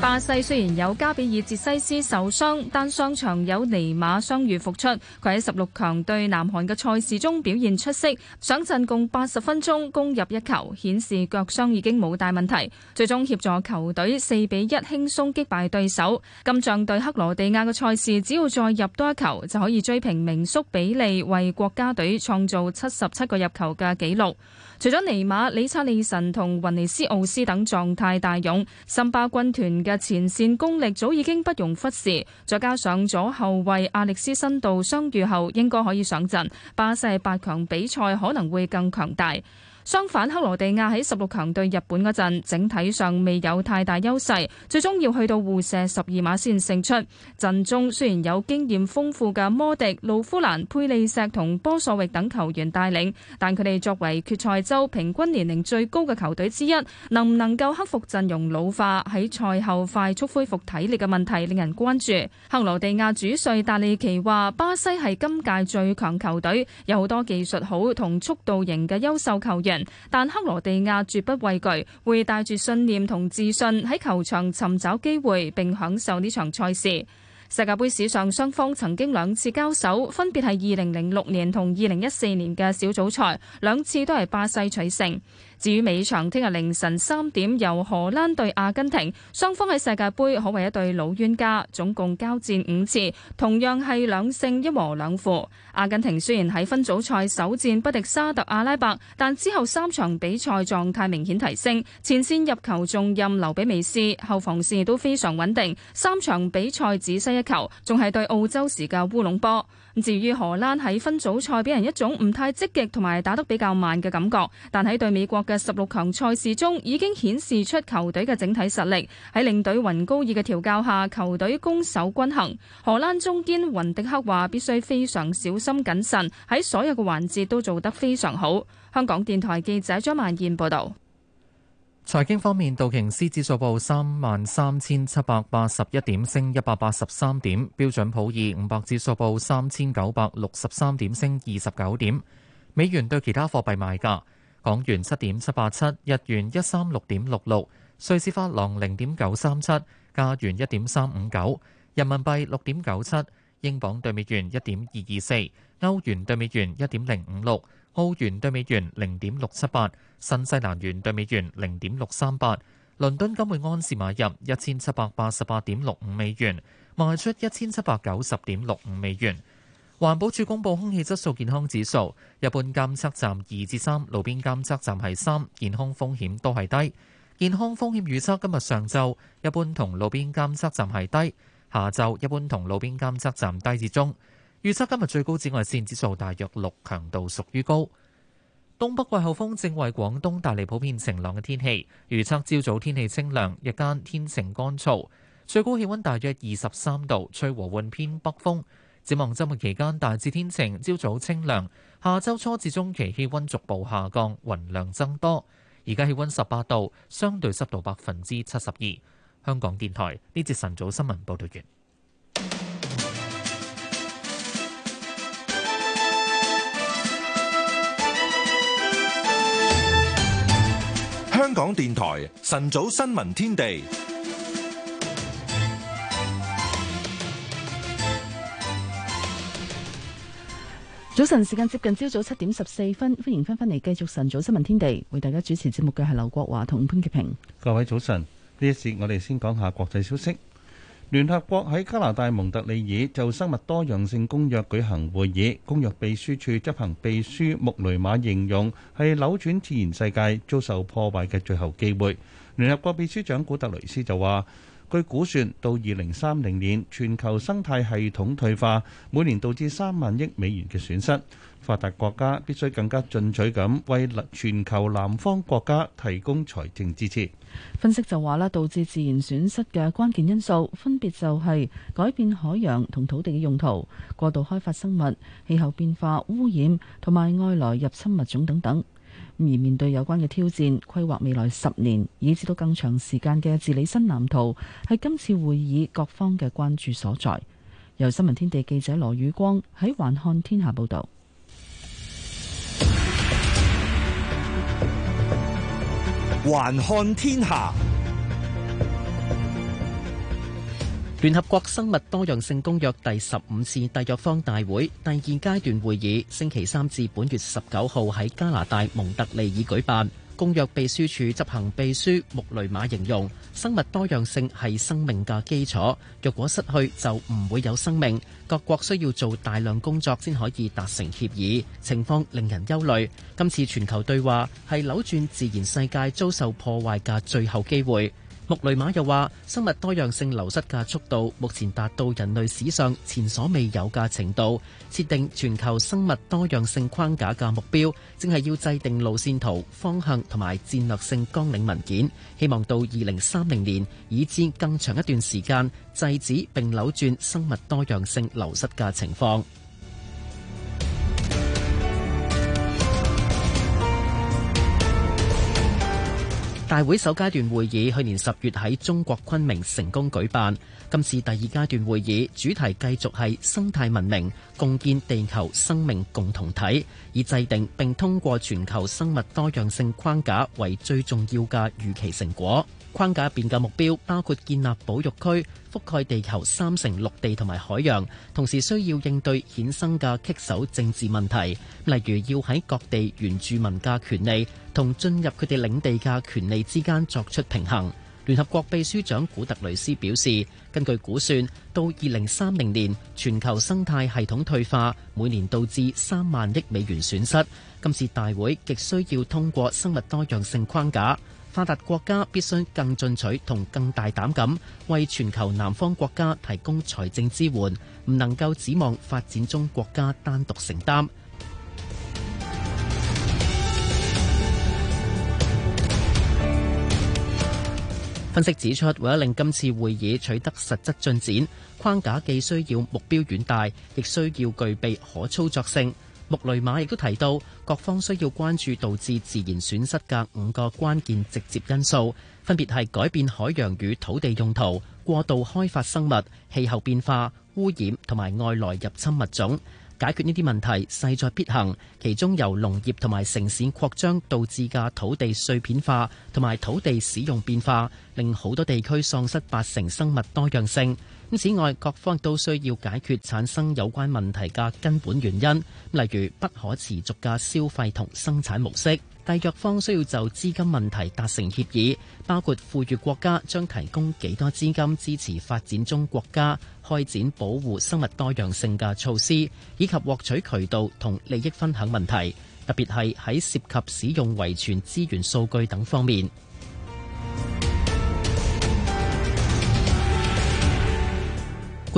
巴西雖然有加比爾捷西斯受傷，但上場有尼馬傷愈復出，佢喺十六強對南韓嘅賽事中表現出色，上陣共八十分鐘攻入一球，顯示腳傷已經冇大問題。最終協助球隊四比一輕鬆擊敗對手。今仗對克羅地亞嘅賽事，只要再入多一球就可以追平名宿比利為國家隊創造七十七個入球嘅紀錄。除咗尼馬、里察利臣同雲尼斯奧斯等狀態大勇，森巴軍團嘅前線功力早已經不容忽視，再加上左後衛阿歷斯申度傷愈後應該可以上陣，巴西八強比賽可能會更強大。相反，克羅地亞喺十六強對日本嗰陣，整體上未有太大優勢，最終要去到互射十二碼先勝出。陣中雖然有經驗豐富嘅摩迪、魯夫蘭、佩利錫同波索域等球員帶領，但佢哋作為決賽周平均年齡最高嘅球隊之一，能唔能夠克服陣容老化喺賽後快速恢復體力嘅問題，令人關注。克羅地亞主帥達利奇話，巴西係今屆最強球隊，有好多技術好同速度型嘅優秀球員。但克羅地亞絕不畏懼，會帶住信念同自信喺球場尋找機會，並享受呢場賽事。世界盃史上雙方曾經兩次交手，分別係二零零六年同二零一四年嘅小組賽，兩次都係巴西取勝。至於尾場，聽日凌晨三點由荷蘭對阿根廷，雙方喺世界盃可謂一對老冤家，總共交戰五次，同樣係兩勝一和兩負。阿根廷雖然喺分組賽首戰不敵沙特阿拉伯，但之後三場比賽狀態明顯提升，前線入球重任留畀美斯，後防線亦都非常穩定，三場比賽只失一球，仲係對澳洲時嘅烏龍波。至於荷蘭喺分組賽俾人一種唔太積極同埋打得比較慢嘅感覺，但喺對美國嘅十六強賽事中，已經顯示出球隊嘅整體實力。喺領隊雲高爾嘅調教下，球隊攻守均衡。荷蘭中堅雲迪克話：必須非常小心謹慎，喺所有嘅環節都做得非常好。香港電台記者張曼燕報道。財經方面，道瓊斯指數報三萬三千七百八十一點，升一百八十三點；標準普爾五百指數報三千九百六十三點，升二十九點。美元對其他貨幣賣價：港元七點七八七，日元一三六點六六，瑞士法郎零點九三七，加元一點三五九，人民幣六點九七，英鎊對美元一點二二四，歐元對美元一點零五六。澳元兌美元零點六七八，新西蘭元兌美元零點六三八。倫敦金每安士買入一千七百八十八點六五美元，賣出一千七百九十點六五美元。環保署公布空氣質素健康指數，一般監測站二至三，3，路邊監測站係三，健康風險都係低。健康風險預測今日上晝一般同路邊監測站係低，下晝一般同路邊監測站低至中。預測今日最高紫外線指數大約六，強度屬於高。東北季候風正為廣東帶嚟普遍晴朗嘅天氣。預測朝早天氣清涼，日間天晴乾燥，最高氣溫大約二十三度，吹和緩偏北風。展望周末期間大致天晴，朝早清涼。下周初至中期氣溫逐步下降，雲量增多。而家氣溫十八度，相對濕度百分之七十二。香港電台呢節晨早新聞報道完。香港電台晨早新聞天地，早晨時間接近朝早七點十四分，歡迎翻返嚟繼續晨早新聞天地，為大家主持節目嘅係劉國華同潘潔平。各位早晨，呢一節我哋先講下國際消息。聯合國喺加拿大蒙特利爾就生物多樣性公約舉行會議，公約秘書處執行秘書穆雷馬形容係扭轉自然世界遭受破壞嘅最後機會。聯合國秘書長古特雷斯就話，據估算，到二零三零年，全球生態系統退化，每年導致三萬億美元嘅損失。發達國家必須更加進取咁為全球南方國家提供財政支持。分析就話啦，導致自然損失嘅關鍵因素分別就係改變海洋同土地嘅用途、過度開發生物、氣候變化、污染同埋外來入侵物種等等。而面對有關嘅挑戰，規劃未來十年以至到更長時間嘅治理新藍圖，係今次會議各方嘅關注所在。由新聞天地記者羅宇光喺環看天下報道。環看天下，聯合國生物多樣性公約第十五次締約方大會第二階段會議星期三至本月十九號喺加拿大蒙特利爾舉辦。公約秘書處執行秘書穆雷馬形容，生物多樣性係生命嘅基礎，若果失去就唔會有生命。各國需要做大量工作先可以達成協議，情況令人憂慮。今次全球對話係扭轉自然世界遭受破壞嘅最後機會。穆雷馬又話：生物多樣性流失嘅速度目前達到人類史上前所未有嘅程度，設定全球生物多樣性框架嘅目標，正係要制定路線圖、方向同埋戰略性綱領文件，希望到二零三零年，以至更長一段時間，制止並扭轉生物多樣性流失嘅情況。大會首階段會議去年十月喺中國昆明成功舉辦，今次第二階段會議主題繼續係生態文明，共建地球生命共同體，以制定並通過全球生物多樣性框架為最重要嘅預期成果。框架入面嘅目標包括建立保育區，覆蓋地球三成陸地同埋海洋，同時需要應對衍生嘅棘手政治問題，例如要喺各地原住民嘅權利同進入佢哋領地嘅權利之間作出平衡。聯合國秘書長古特雷斯表示，根據估算，到二零三零年，全球生態系統退化每年導致三萬億美元損失。今次大會亦需要通過生物多樣性框架。發達國家必須更進取同更大膽咁，為全球南方國家提供財政支援，唔能夠指望發展中國家單獨承擔。分析指出，為咗令今次會議取得實質進展，框架既需要目標遠大，亦需要具備可操作性。穆雷馬亦都提到，各方需要關注導致自然損失嘅五個關鍵直接因素，分別係改變海洋與土地用途、過度開發生物、氣候變化、污染同埋外來入侵物種。解決呢啲問題勢在必行。其中由農業同埋城市擴張導致嘅土地碎片化同埋土地使用變化，令好多地區喪失八成生物多樣性。咁此外，各方都需要解決產生有關問題嘅根本原因，例如不可持續嘅消費同生產模式。締約方需要就資金問題達成協議，包括富裕國家將提供幾多資金支持發展中國家開展保護生物多樣性嘅措施，以及獲取渠道同利益分享問題，特別係喺涉及使用遺傳資源數據等方面。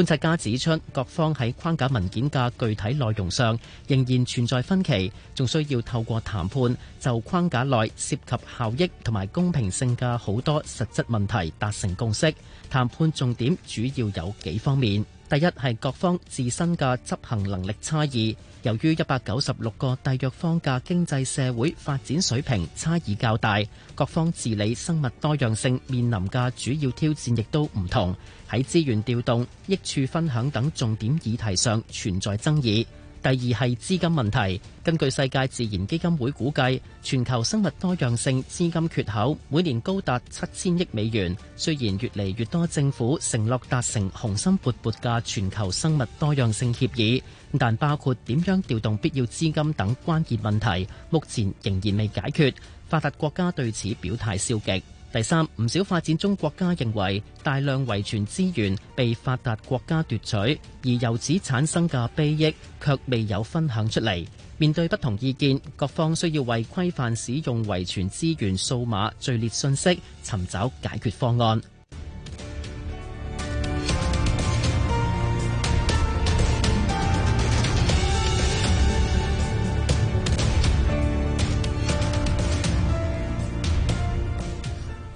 觀察家指出，各方喺框架文件嘅具體內容上仍然存在分歧，仲需要透過談判，就框架內涉及效益同埋公平性嘅好多實質問題達成共識。談判重點主要有幾方面。第一，係各方自身嘅執行能力差異，由於一百九十六個締約方嘅經濟社會發展水平差異較大，各方治理生物多樣性面臨嘅主要挑戰亦都唔同，喺資源調動、益處分享等重點議題上存在爭議。第二係資金問題。根據世界自然基金會估計，全球生物多樣性資金缺口每年高達七千億美元。雖然越嚟越多政府承諾達成雄心勃勃嘅全球生物多樣性協議，但包括點樣調動必要資金等關鍵問題，目前仍然未解決。發達國家對此表態消極。第三，唔少發展中國家認為大量遺傳資源被發達國家奪取，而由此產生嘅裨益卻未有分享出嚟。面對不同意見，各方需要為規範使用遺傳資源、數碼序列信息，尋找解決方案。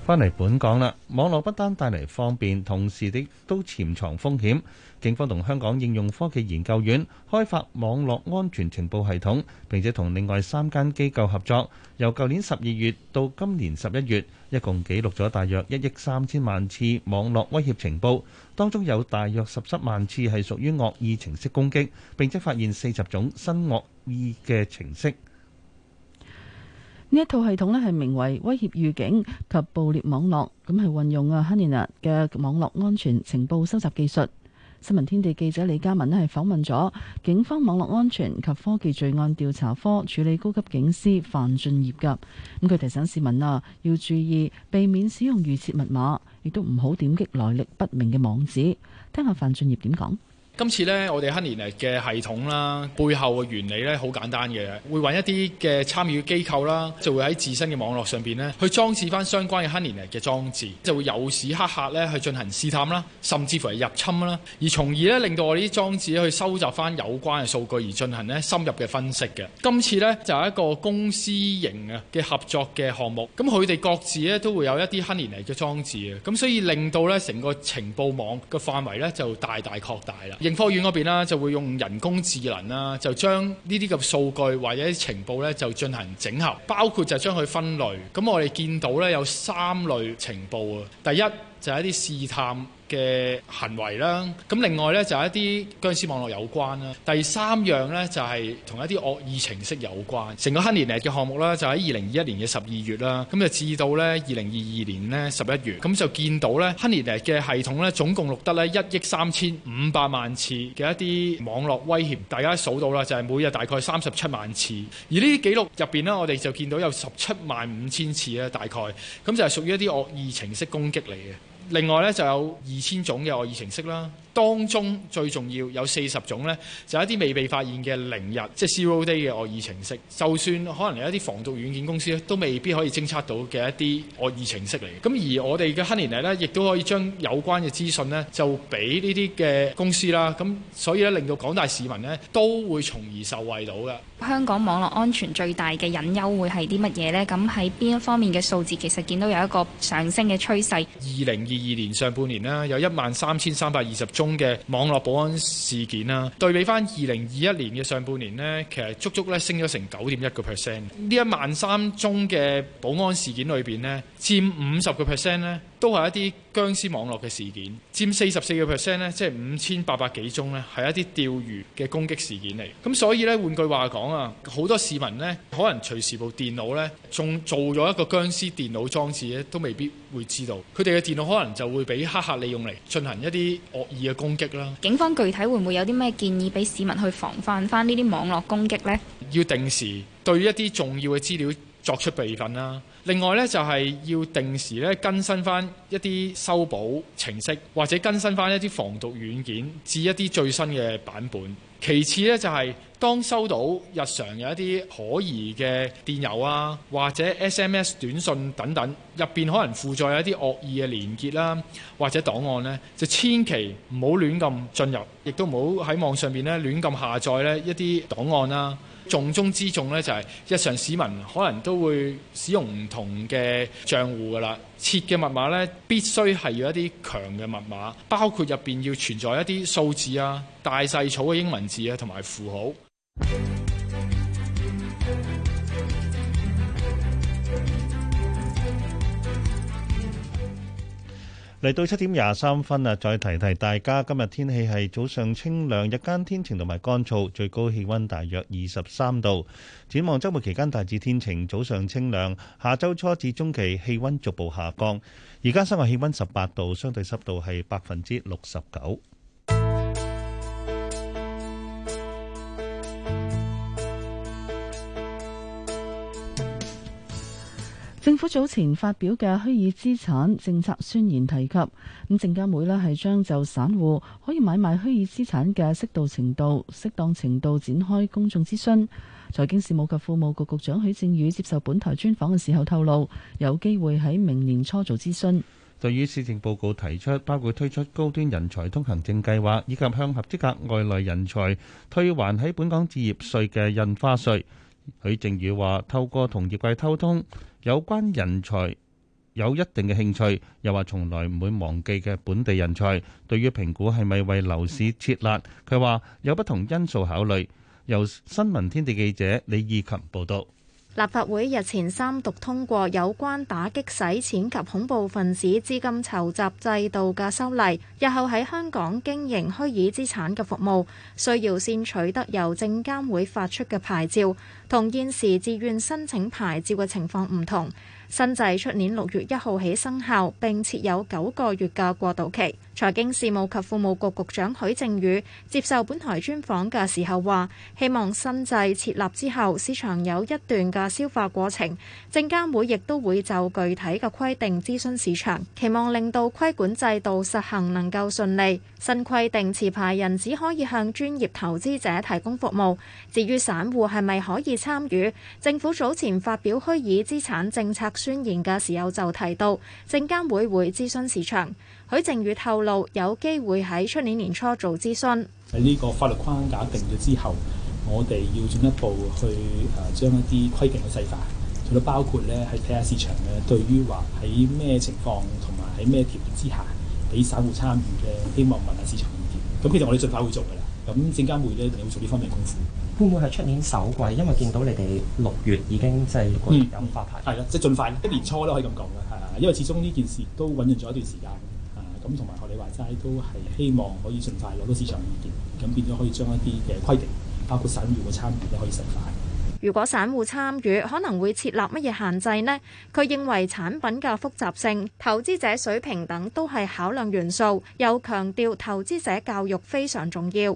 翻嚟本港啦，網絡不單帶嚟方便，同時亦都潛藏風險。警方同香港應用科技研究院開發網絡安全情報系統，並且同另外三間機構合作，由舊年十二月到今年十一月，一共記錄咗大約一億三千萬次網絡威脅情報，當中有大約十七萬次係屬於惡意程式攻擊，並且發現四十種新惡意嘅程式。呢一套系統咧係名為威脅預警及暴獵網絡，咁係運用啊 HoneyNet 嘅網絡安全情報收集技術。新聞天地記者李嘉文咧係訪問咗警方網絡安全及科技罪案調查科處理高級警司范俊業噶。咁佢提醒市民啊，要注意避免使用預設密碼，亦都唔好點擊來歷不明嘅網址。聽下范俊業點講。今次呢，我哋 Honeynet 嘅系統啦，背後嘅原理呢，好簡單嘅，會揾一啲嘅參與機構啦，就會喺自身嘅網絡上邊呢，去裝置翻相關嘅 Honeynet 嘅裝置，就會有時黑客呢去進行試探啦，甚至乎係入侵啦，而從而呢令到我哋啲裝置去收集翻有關嘅數據而進行呢深入嘅分析嘅。今次呢，就係、是、一個公司型嘅嘅合作嘅項目，咁佢哋各自呢都會有一啲 Honeynet 嘅裝置啊，咁所以令到呢成個情報網嘅範圍呢就大大擴大啦。應科院嗰邊啦，就會用人工智能啦，就將呢啲嘅數據或者情報咧，就進行整合，包括就將佢分類。咁我哋見到咧有三類情報啊。第一就係一啲試探嘅行為啦，咁另外呢，就一啲僵屍網絡有關啦。第三樣呢，就係同一啲惡意程式有關。成個 h o 尼嘅項目呢，就喺二零二一年嘅十二月啦，咁就至到呢，二零二二年呢十一月，咁就見到呢 h o 尼嘅系統呢，總共錄得呢一億三千五百萬次嘅一啲網絡威脅，大家數到啦，就係每日大概三十七萬次。而呢啲記錄入邊呢，我哋就見到有十七萬五千次啊，大概咁就係屬於一啲惡意程式攻擊嚟嘅。另外咧就有二千種嘅惡意程式啦，當中最重要有四十種呢，就係一啲未被發現嘅零日，即係 zero day 嘅惡意程式。就算可能有一啲防毒軟件公司咧，都未必可以偵測到嘅一啲惡意程式嚟嘅。咁而我哋嘅 HoneyNet 呢，亦都可以將有關嘅資訊呢，就俾呢啲嘅公司啦。咁所以咧，令到廣大市民呢，都會從而受惠到嘅。香港網絡安全最大嘅隱憂會係啲乜嘢呢？咁喺邊一方面嘅數字其實見到有一個上升嘅趨勢。二零二二年上半年啦，有一萬三千三百二十宗嘅網絡保安事件啦。對比返二零二一年嘅上半年呢，其實足足咧升咗成九點一個 percent。呢一萬三宗嘅保安事件裏邊呢，佔五十個 percent 呢。都係一啲僵屍網絡嘅事件，佔四十四個 percent 咧，即係五千八百幾宗咧，係一啲釣魚嘅攻擊事件嚟。咁所以呢，換句話講啊，好多市民呢，可能隨時部電腦呢，仲做咗一個僵屍電腦裝置咧，都未必會知道。佢哋嘅電腦可能就會俾黑客利用嚟進行一啲惡意嘅攻擊啦。警方具體會唔會有啲咩建議俾市民去防範翻呢啲網絡攻擊呢？要定時對一啲重要嘅資料作出備份啦。另外咧就係要定時咧更新翻一啲修補程式，或者更新翻一啲防毒軟件至一啲最新嘅版本。其次咧就係、是、當收到日常有一啲可疑嘅電郵啊，或者 SMS 短信等等，入邊可能附載有一啲惡意嘅連結啦，或者檔案呢，就千祈唔好亂咁進入，亦都唔好喺網上面咧亂咁下載咧一啲檔案啦。重中之重呢，就係日常市民可能都會使用唔同嘅賬戶噶啦，設嘅密碼呢，必須係要一啲強嘅密碼，包括入邊要存在一啲數字啊、大細草嘅英文字啊，同埋符號。嚟到七點廿三分呀，再提提大家今日天氣係早上清涼，日間天晴同埋乾燥，最高氣温大約二十三度。展望週末期間大致天晴，早上清涼。下周初至中期氣温逐步下降。而家室外氣温十八度，相對濕度係百分之六十九。政府早前發表嘅虛擬資產政策宣言提及，咁證監會咧係將就散戶可以買賣虛擬資產嘅適度程度、適當程度展開公眾諮詢。財經事務及庫務局局長許正宇接受本台專訪嘅時候透露，有機會喺明年初做諮詢。對於施政報告提出包括推出高端人才通行證計劃，以及向合資格外來人才退還喺本港置業稅嘅印花稅。許正宇話：透過同業界溝通，有關人才有一定嘅興趣，又話從來唔會忘記嘅本地人才，對於評估係咪為樓市設立，佢話有不同因素考慮。由新聞天地記者李義琴報道。立法會日前三讀通過有關打擊洗錢及恐怖分子資金籌集制度嘅修例，日後喺香港經營虛擬資產嘅服務，需要先取得由證監會發出嘅牌照，同現時自願申請牌照嘅情況唔同。新制出年六月一號起生效，並設有九個月嘅過渡期。財經事務及庫務局局長許正宇接受本台專訪嘅時候話，希望新制設立之後，市場有一段嘅消化過程，證監會亦都會就具體嘅規定諮詢市場，期望令到規管制度實行能夠順利。新規定持牌人只可以向專業投資者提供服務，至於散戶係咪可以參與，政府早前發表虛擬資產政策宣言嘅時候就提到，證監會會諮詢市場。許正宇透露有機會喺出年年初做諮詢。喺呢個法律框架定咗之後，我哋要進一步去誒、啊、將一啲規定嘅細化，仲有包括咧係睇下市場嘅對於話喺咩情況同埋喺咩條件之下俾散戶參與嘅，希望問下市場意見。咁、嗯、其實我哋盡快會做噶啦。咁證監會咧，一定會做呢方面功夫。會唔會係出年首季？因為見到你哋六月已經製規咁發牌，係啦、嗯，即係盡快，一年初都可以咁講啦。係啊，因為始終呢件事都醞釀咗一段時間。咁同埋學你話齋，都係希望可以盡快攞到市場意見，咁變咗可以將一啲嘅規定，包括散戶嘅參與都可以盡快。如果散戶參與，可能會設立乜嘢限制呢？佢認為產品嘅複雜性、投資者水平等都係考量元素，又強調投資者教育非常重要。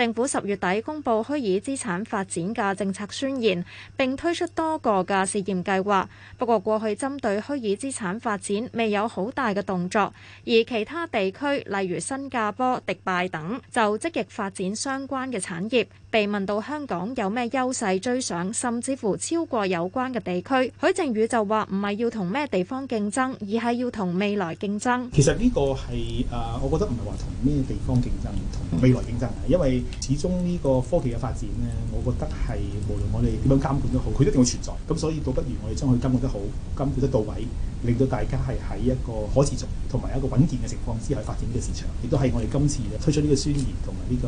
政府十月底公布虛擬資產發展嘅政策宣言，並推出多個嘅試驗計劃。不過過去針對虛擬資產發展未有好大嘅動作，而其他地區，例如新加坡、迪拜等，就積極發展相關嘅產業。被問到香港有咩優勢追上，甚至乎超過有關嘅地區，許正宇就話：唔係要同咩地方競爭，而係要同未來競爭。其實呢個係誒，我覺得唔係話同咩地方競爭，同未來競爭嘅，因為始終呢個科技嘅發展呢，我覺得係無論我哋點樣監管都好，佢都一定會存在。咁所以倒不如我哋將佢監管得好，監管得到位，令到大家係喺一個可持續同埋一個穩健嘅情況之下發展嘅市場。亦都係我哋今次推出呢個宣言同埋呢個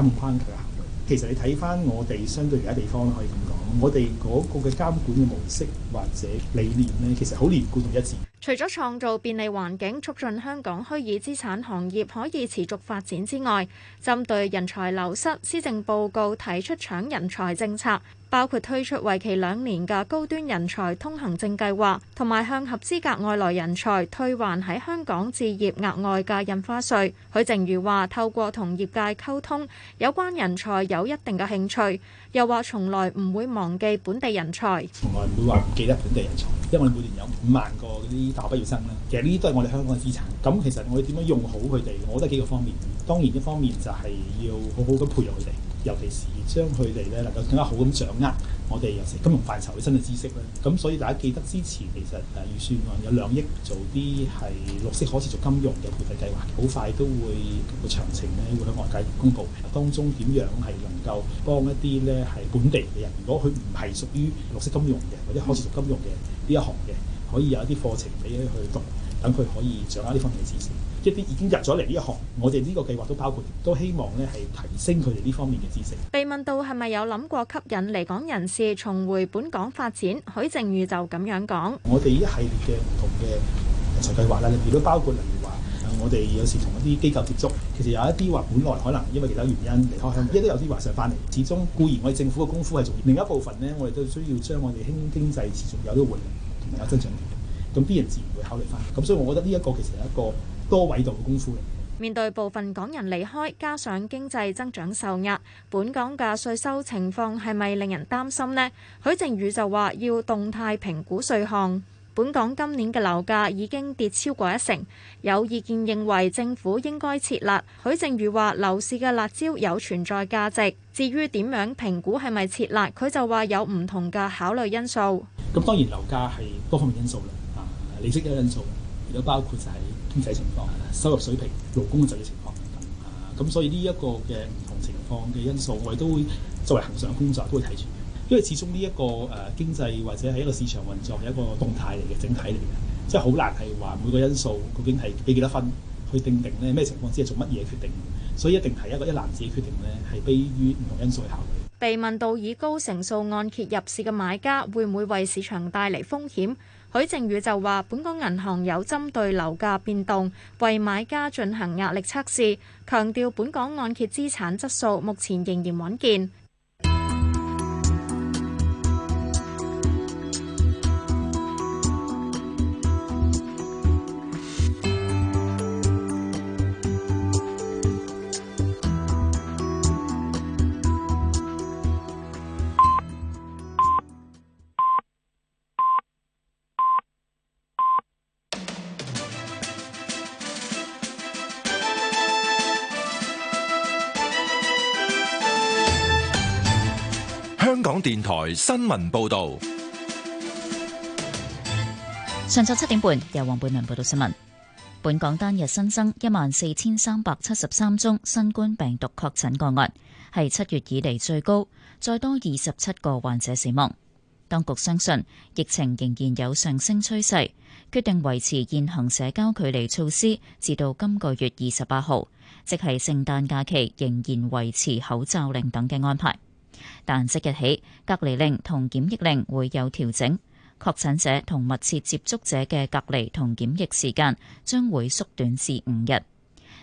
金框條限。其實你睇翻我哋相對其他地方咧，可以咁講，我哋嗰個嘅監管嘅模式或者理念呢，其實好連貫同一致。除咗創造便利環境，促進香港虛擬資產行業可以持續發展之外，針對人才流失，施政報告提出搶人才政策。包括推出為期兩年嘅高端人才通行證計劃，同埋向合資格外來人才退還喺香港置業額外嘅印花稅。許正宇話：透過同業界溝通，有關人才有一定嘅興趣，又話從來唔會忘記本地人才，從來唔會話唔記得本地人才，因為每年有五萬個嗰啲大學畢業生啦，其實呢啲都係我哋香港嘅資產。咁其實我哋點樣用好佢哋，我覺得幾個方面，當然一方面就係要好好咁培育佢哋。尤其是將佢哋咧能夠更加好咁掌握我哋尤其是金融範疇嘅新嘅知識咧，咁所以大家記得之前其實誒預算案有兩億做啲係綠色可持續金融嘅培訓計劃，好快都會個詳情咧會向外界公布。當中點樣係能夠幫一啲咧係本地嘅人，如果佢唔係屬於綠色金融嘅或者可持續金融嘅呢一行嘅，可以有一啲課程俾佢去讀，等佢可以掌握呢方面嘅知識。一啲已經入咗嚟呢一行，我哋呢個計劃都包括，都希望咧係提升佢哋呢方面嘅知識。被問到係咪有諗過吸引離港人士重回本港發展，許正宇就咁樣講：我哋一系列嘅唔同嘅人才計劃啦，亦都包括，例如話我哋有時同一啲機構接觸，其實有一啲話本來可能因為其他原因離開香港，一都有啲話想翻嚟，始終固然我哋政府嘅功夫係重要，另一部分咧，我哋都需要將我哋經經濟持續有啲活力，同埋有增長力，咁啲人自然會考慮翻。咁所以，我覺得呢一個其實係一個。多維度嘅功夫。面對部分港人離開，加上經濟增長受壓，本港嘅稅收情況係咪令人擔心呢？許正宇就話要動態評估稅項。本港今年嘅樓價已經跌超過一成，有意見認為政府應該撤辣。許正宇話樓市嘅辣招有存在價值。至於點樣評估係咪撤辣，佢就話有唔同嘅考慮因素。咁當然樓價係多方面因素啦，啊，利息一個因素。有包括就係經濟情況、收入水平、勞工嘅實際情況啊，咁所以呢一個嘅唔同情況嘅因素，我哋都會作為恒常工作都會睇住，因為始終呢一個誒經濟或者係一個市場運作嘅一個動態嚟嘅整體嚟嘅，即係好難係話每個因素究竟係俾幾多分去定定咧咩情況之下做乜嘢決定，所以一定係一個一籃子決定咧，係基於唔同因素去考慮。被問到以高成數按揭入市嘅買家會唔會為市場帶嚟風險？許正宇就話：本港銀行有針對樓價變動，為買家進行壓力測試，強調本港按揭資產質素目前仍然穩健。電台新聞報道：上晝七點半，由黃貝文報道新聞。本港單日新增一萬四千三百七十三宗新冠病毒確診個案，係七月以嚟最高，再多二十七個患者死亡。當局相信疫情仍然有上升趨勢，決定維持現行社交距離措施，至到今個月二十八號，即係聖誕假期，仍然維持口罩令等嘅安排。但即日起，隔離令同檢疫令會有調整，確診者同密切接觸者嘅隔離同檢疫時間將會縮短至五日。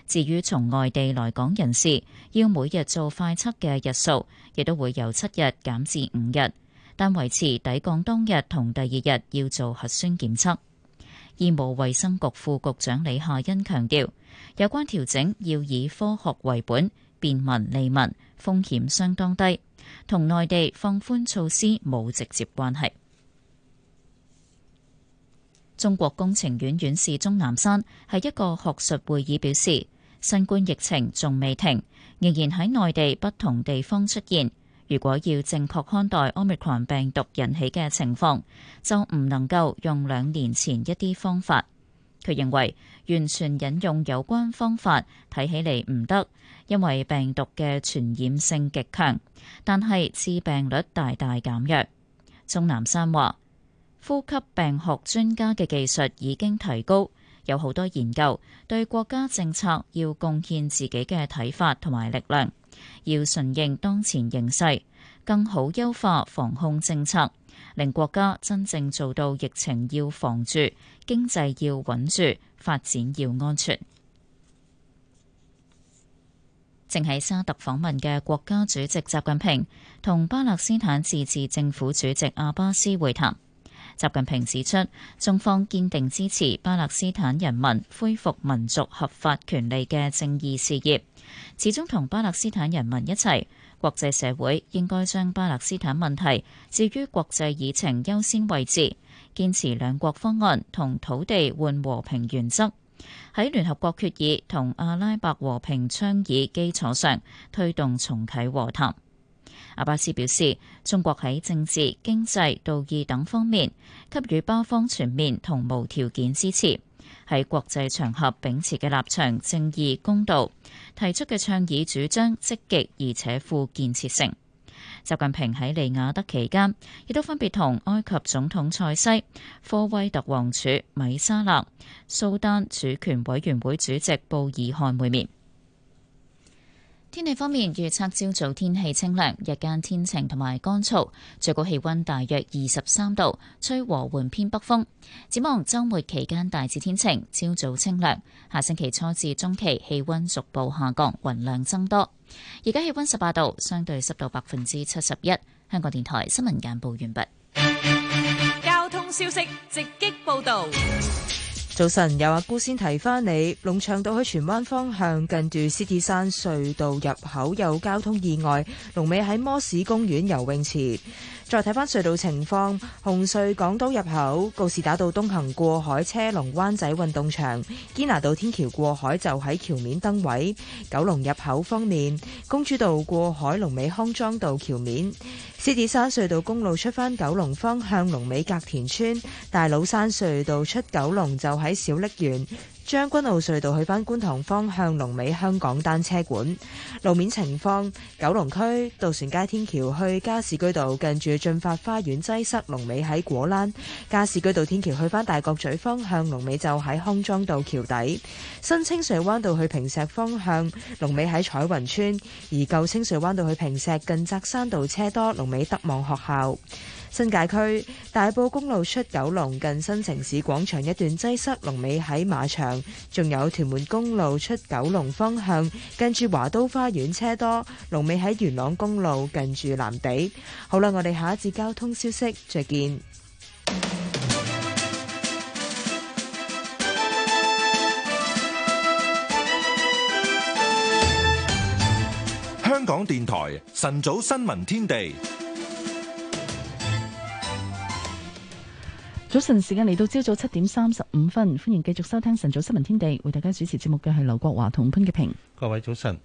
至於從外地來港人士，要每日做快測嘅日數亦都會由七日減至五日，但維持抵港當日同第二日要做核酸檢測。醫務衛生局副局長李夏欣強調，有關調整要以科學為本，便民利民，風險相當低。同內地放寬措施冇直接關係。中國工程院院士鍾南山喺一個學術會議表示，新冠疫情仲未停，仍然喺內地不同地方出現。如果要正確看待 Omicron 病毒引起嘅情況，就唔能夠用兩年前一啲方法。佢認為，完全引用有關方法睇起嚟唔得，因為病毒嘅傳染性極強，但係致病率大大減弱。鍾南山話：呼吸病學專家嘅技術已經提高，有好多研究，對國家政策要貢獻自己嘅睇法同埋力量，要順應當前形勢，更好優化防控政策。令國家真正做到疫情要防住、經濟要穩住、發展要安全。正喺沙特訪問嘅國家主席習近平同巴勒斯坦自治政府主席阿巴斯會談。習近平指出，中方堅定支持巴勒斯坦人民恢復民族合法權利嘅正義事業，始終同巴勒斯坦人民一齊。國際社會應該將巴勒斯坦問題置於國際議程優先位置，堅持兩國方案同土地換和平原則，喺聯合國決議同阿拉伯和平倡議基礎上推動重啟和談。阿巴斯表示，中國喺政治、經濟、道義等方面給予巴方全面同無條件支持，喺國際場合秉持嘅立場正義公道。提出嘅倡議主張積極而且富建設性。習近平喺利雅德期間，亦都分別同埃及總統塞西、科威特王儲米沙勒、蘇丹主權委員會主席布爾汗會面。天氣方面，預測朝早天氣清涼，日間天晴同埋乾燥，最高氣温大約二十三度，吹和緩偏北風。展望周末期間大致天晴，朝早清涼。下星期初至中期氣温逐步下降，雲量增多。而家氣温十八度，相對濕度百分之七十一。香港電台新聞簡報完畢。交通消息直擊報道。早晨，有阿姑先提翻你，龍翔道去荃灣方向近住獅子山隧道入口有交通意外，龍尾喺摩士公園游泳池。再睇翻隧道情況，紅隧港島入口告士打道東行過海車龍，灣仔運動場堅拿道天橋過海就喺橋面燈位。九龍入口方面，公主道過海龍尾康莊道橋面，獅子山隧道公路出返九龍方向龍尾隔田村，大老山隧道出九龍就喺小瀝源。將軍澳隧道去翻觀塘方向龍尾香港單車館，路面情況，九龍區渡船街天橋去加士居道近住進發花園擠塞，龍尾喺果欄；加士居道天橋去翻大角咀方向龍尾就喺康莊道橋底；新清水灣道去坪石方向龍尾喺彩雲村，而舊清水灣道去坪石近澤山道車多，龍尾德望學校。新界區大埔公路出九龍近新城市廣場一段擠塞，龍尾喺馬場；仲有屯門公路出九龍方向，近住華都花園車多，龍尾喺元朗公路近住藍地。好啦，我哋下一節交通消息，再見。香港電台晨早新聞天地。早晨時間嚟到，朝早七點三十五分，歡迎繼續收聽晨早新聞天地。為大家主持節目嘅係劉國華同潘潔平。各位早晨，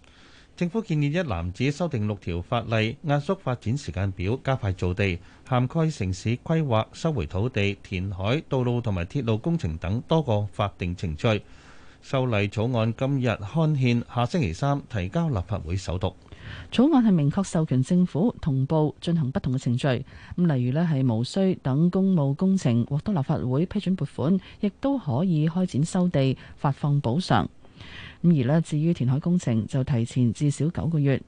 政府建議一籃子修訂六條法例，壓縮發展時間表，加快造地，涵蓋城市規劃、收回土地、填海、道路同埋鐵路工程等多個法定程序。修例草案今日刊憲，下星期三提交立法會首讀。草案係明確授權政府同步進行不同嘅程序，咁例如咧係無需等公務工程獲得立法會批准撥款，亦都可以開展收地發放補償。咁而咧至於填海工程就提前至少九個月。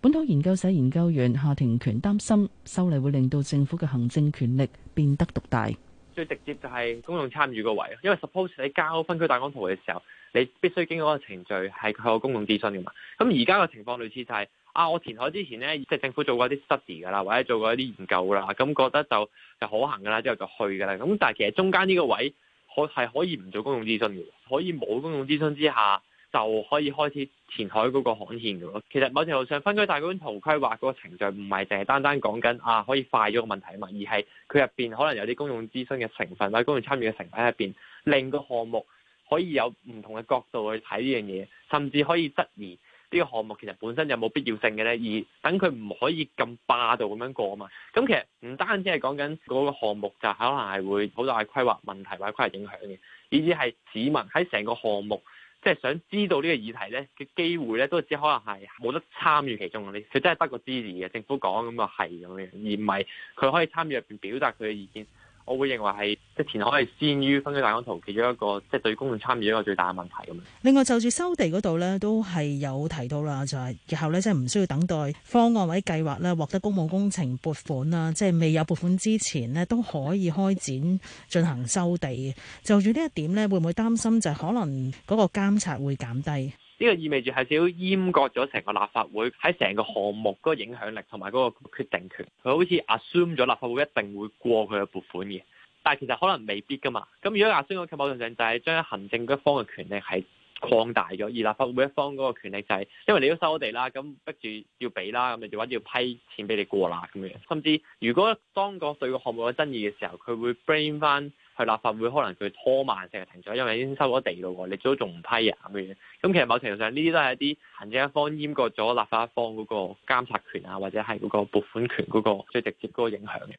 本土研究社研究員夏庭權擔心修例會令到政府嘅行政權力變得獨大。最直接就係公眾參與個位，因為 suppose 你交分區大綱圖嘅時候。你必須經過個程序，係佢有公共諮詢嘅嘛？咁而家嘅情況類似就係啊，我填海之前咧，即係政府做過一啲 study 㗎啦，或者做過一啲研究啦，咁覺得就就可行㗎啦，之後就去㗎啦。咁但係其實中間呢個位可係可以唔做公共諮詢嘅，可以冇公共諮詢之下就可以開始填海嗰個項獻㗎咯。其實某程度上，分區大綱圖規劃嗰個程序唔係淨係單單講緊啊可以快咗個問題啊嘛，而係佢入邊可能有啲公眾諮詢嘅成分或者公共參與嘅成分喺入邊，令個項目，可以有唔同嘅角度去睇呢樣嘢，甚至可以質疑呢個項目其實本身有冇必要性嘅咧，而等佢唔可以咁霸道咁樣過啊嘛。咁其實唔單止係講緊嗰個項目就可能係會好大規劃問題或者規劃影響嘅，以至係市民喺成個項目即係、就是、想知道呢個議題咧嘅機會咧，都只可能係冇得參與其中嗰啲，佢真係得個支持嘅政府講咁啊，係咁樣，而唔係佢可以參與入邊表達佢嘅意見。我會認為係即係填海係先於分區大綱圖其中一個即係、就是、對公眾參與一個最大嘅問題咁。另外就住收地嗰度呢，都係有提到啦，就係、是、以後呢，即係唔需要等待方案或、計劃或者計劃呢，獲得公務工程撥款啦，即、就、係、是、未有撥款之前呢，都可以開展進行收地。就住呢一點呢，會唔會擔心就係可能嗰個監察會減低？呢個意味住係少閹割咗成個立法會喺成個項目嗰個影響力同埋嗰個決定權，佢好似 assume 咗立法會一定會過佢嘅撥款嘅，但係其實可能未必噶嘛。咁如果 assume 嘅根本上就係將行政一方嘅權力係。擴大咗，而立法會一方嗰個權力就係、是，因為你都收咗地啦，咁逼住要俾啦，咁你就話要批錢俾你過啦咁樣。甚至如果當個對個項目有爭議嘅時候，佢會 blame 翻去立法會，可能佢拖慢成日停咗，因為已經收咗地了喎，你都仲唔批啊？咁嘅樣。咁其實某程度上，呢啲都係一啲行政一方閹過咗立法一方嗰個監察權啊，或者係嗰個撥款權嗰個最直接嗰個影響嘅。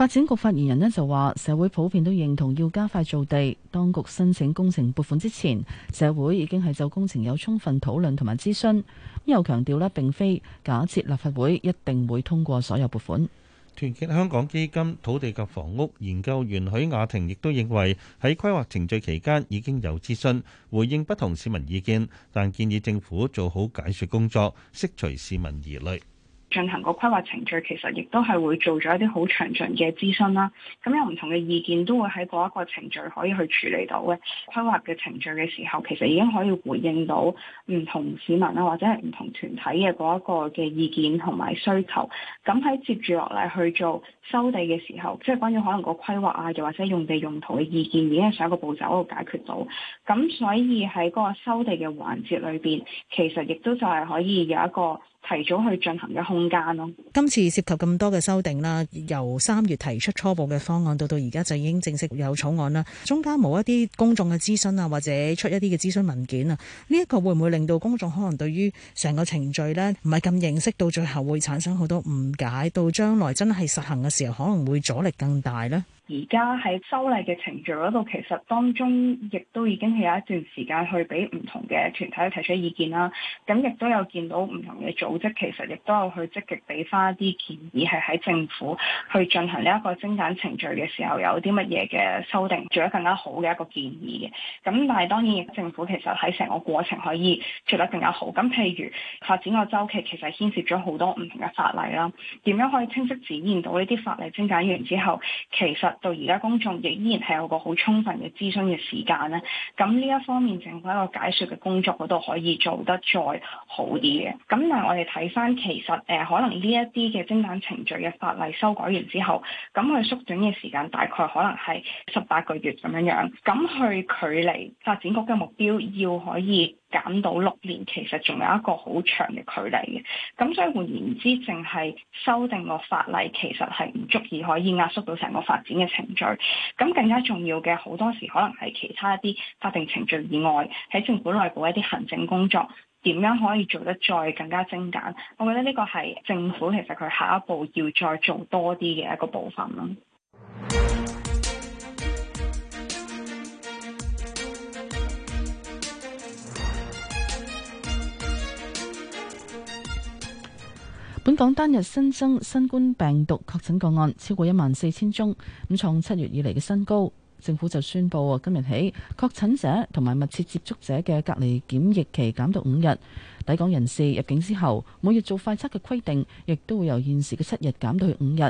發展局發言人呢就話，社會普遍都認同要加快造地，當局申請工程撥款之前，社會已經係就工程有充分討論同埋諮詢，又強調呢並非假設立法會一定會通過所有撥款。團結香港基金土地及房屋研究員許雅婷亦都認為，喺規劃程序期間已經有諮詢，回應不同市民意見，但建議政府做好解說工作，釋除市民疑慮。進行個規劃程序，其實亦都係會做咗一啲好詳盡嘅諮詢啦。咁有唔同嘅意見都會喺嗰一個程序可以去處理到嘅規劃嘅程序嘅時候，其實已經可以回應到唔同市民呀，或者係唔同團體嘅嗰一個嘅意見同埋需求。咁喺接住落嚟去做收地嘅時候，即係關於可能個規劃啊，又或者用地用途嘅意見，已經係上一個步驟度解決到。咁所以喺嗰個收地嘅環節裏邊，其實亦都就係可以有一個。提早去進行嘅空間咯。今次涉及咁多嘅修訂啦，由三月提出初步嘅方案，到到而家就已經正式有草案啦。中間冇一啲公眾嘅諮詢啊，或者出一啲嘅諮詢文件啊，呢一個會唔會令到公眾可能對於成個程序呢，唔係咁認識，到最後會產生好多誤解，到將來真係實行嘅時候可能會阻力更大呢？而家喺修例嘅程序嗰度，其實當中亦都已經係有一段時間去俾唔同嘅團體提出意見啦。咁亦都有見到唔同嘅組織其實亦都有去積極俾翻一啲建議，係喺政府去進行呢一個精簡程序嘅時候，有啲乜嘢嘅修訂做得更加好嘅一個建議嘅。咁但係當然，政府其實喺成個過程可以做得更加好。咁譬如發展個周期其實牽涉咗好多唔同嘅法例啦，點樣可以清晰展現到呢啲法例精簡完之後，其實。到而家公眾亦依然係有個好充分嘅諮詢嘅時間咧，咁呢一方面政府一個解說嘅工作嗰度可以做得再好啲嘅。咁但係我哋睇返其實誒、呃，可能呢一啲嘅精簡程序嘅法例修改完之後，咁佢縮短嘅時間大概可能係十八個月咁樣樣，咁去距離發展局嘅目標要可以，減到六年，其實仲有一個好長嘅距離嘅，咁所以換言之，淨係修訂個法例，其實係唔足以可以壓縮到成個發展嘅程序。咁更加重要嘅，好多時可能係其他一啲法定程序以外，喺政府內部一啲行政工作，點樣可以做得再更加精簡？我覺得呢個係政府其實佢下一步要再做多啲嘅一個部分咯。本港單日新增新冠病毒確診個案超過一萬四千宗，咁創七月以嚟嘅新高。政府就宣佈今，今日起確診者同埋密切接觸者嘅隔離檢疫期減到五日。抵港人士入境之後，每日做快測嘅規定，亦都會由現時嘅七日減到去五日。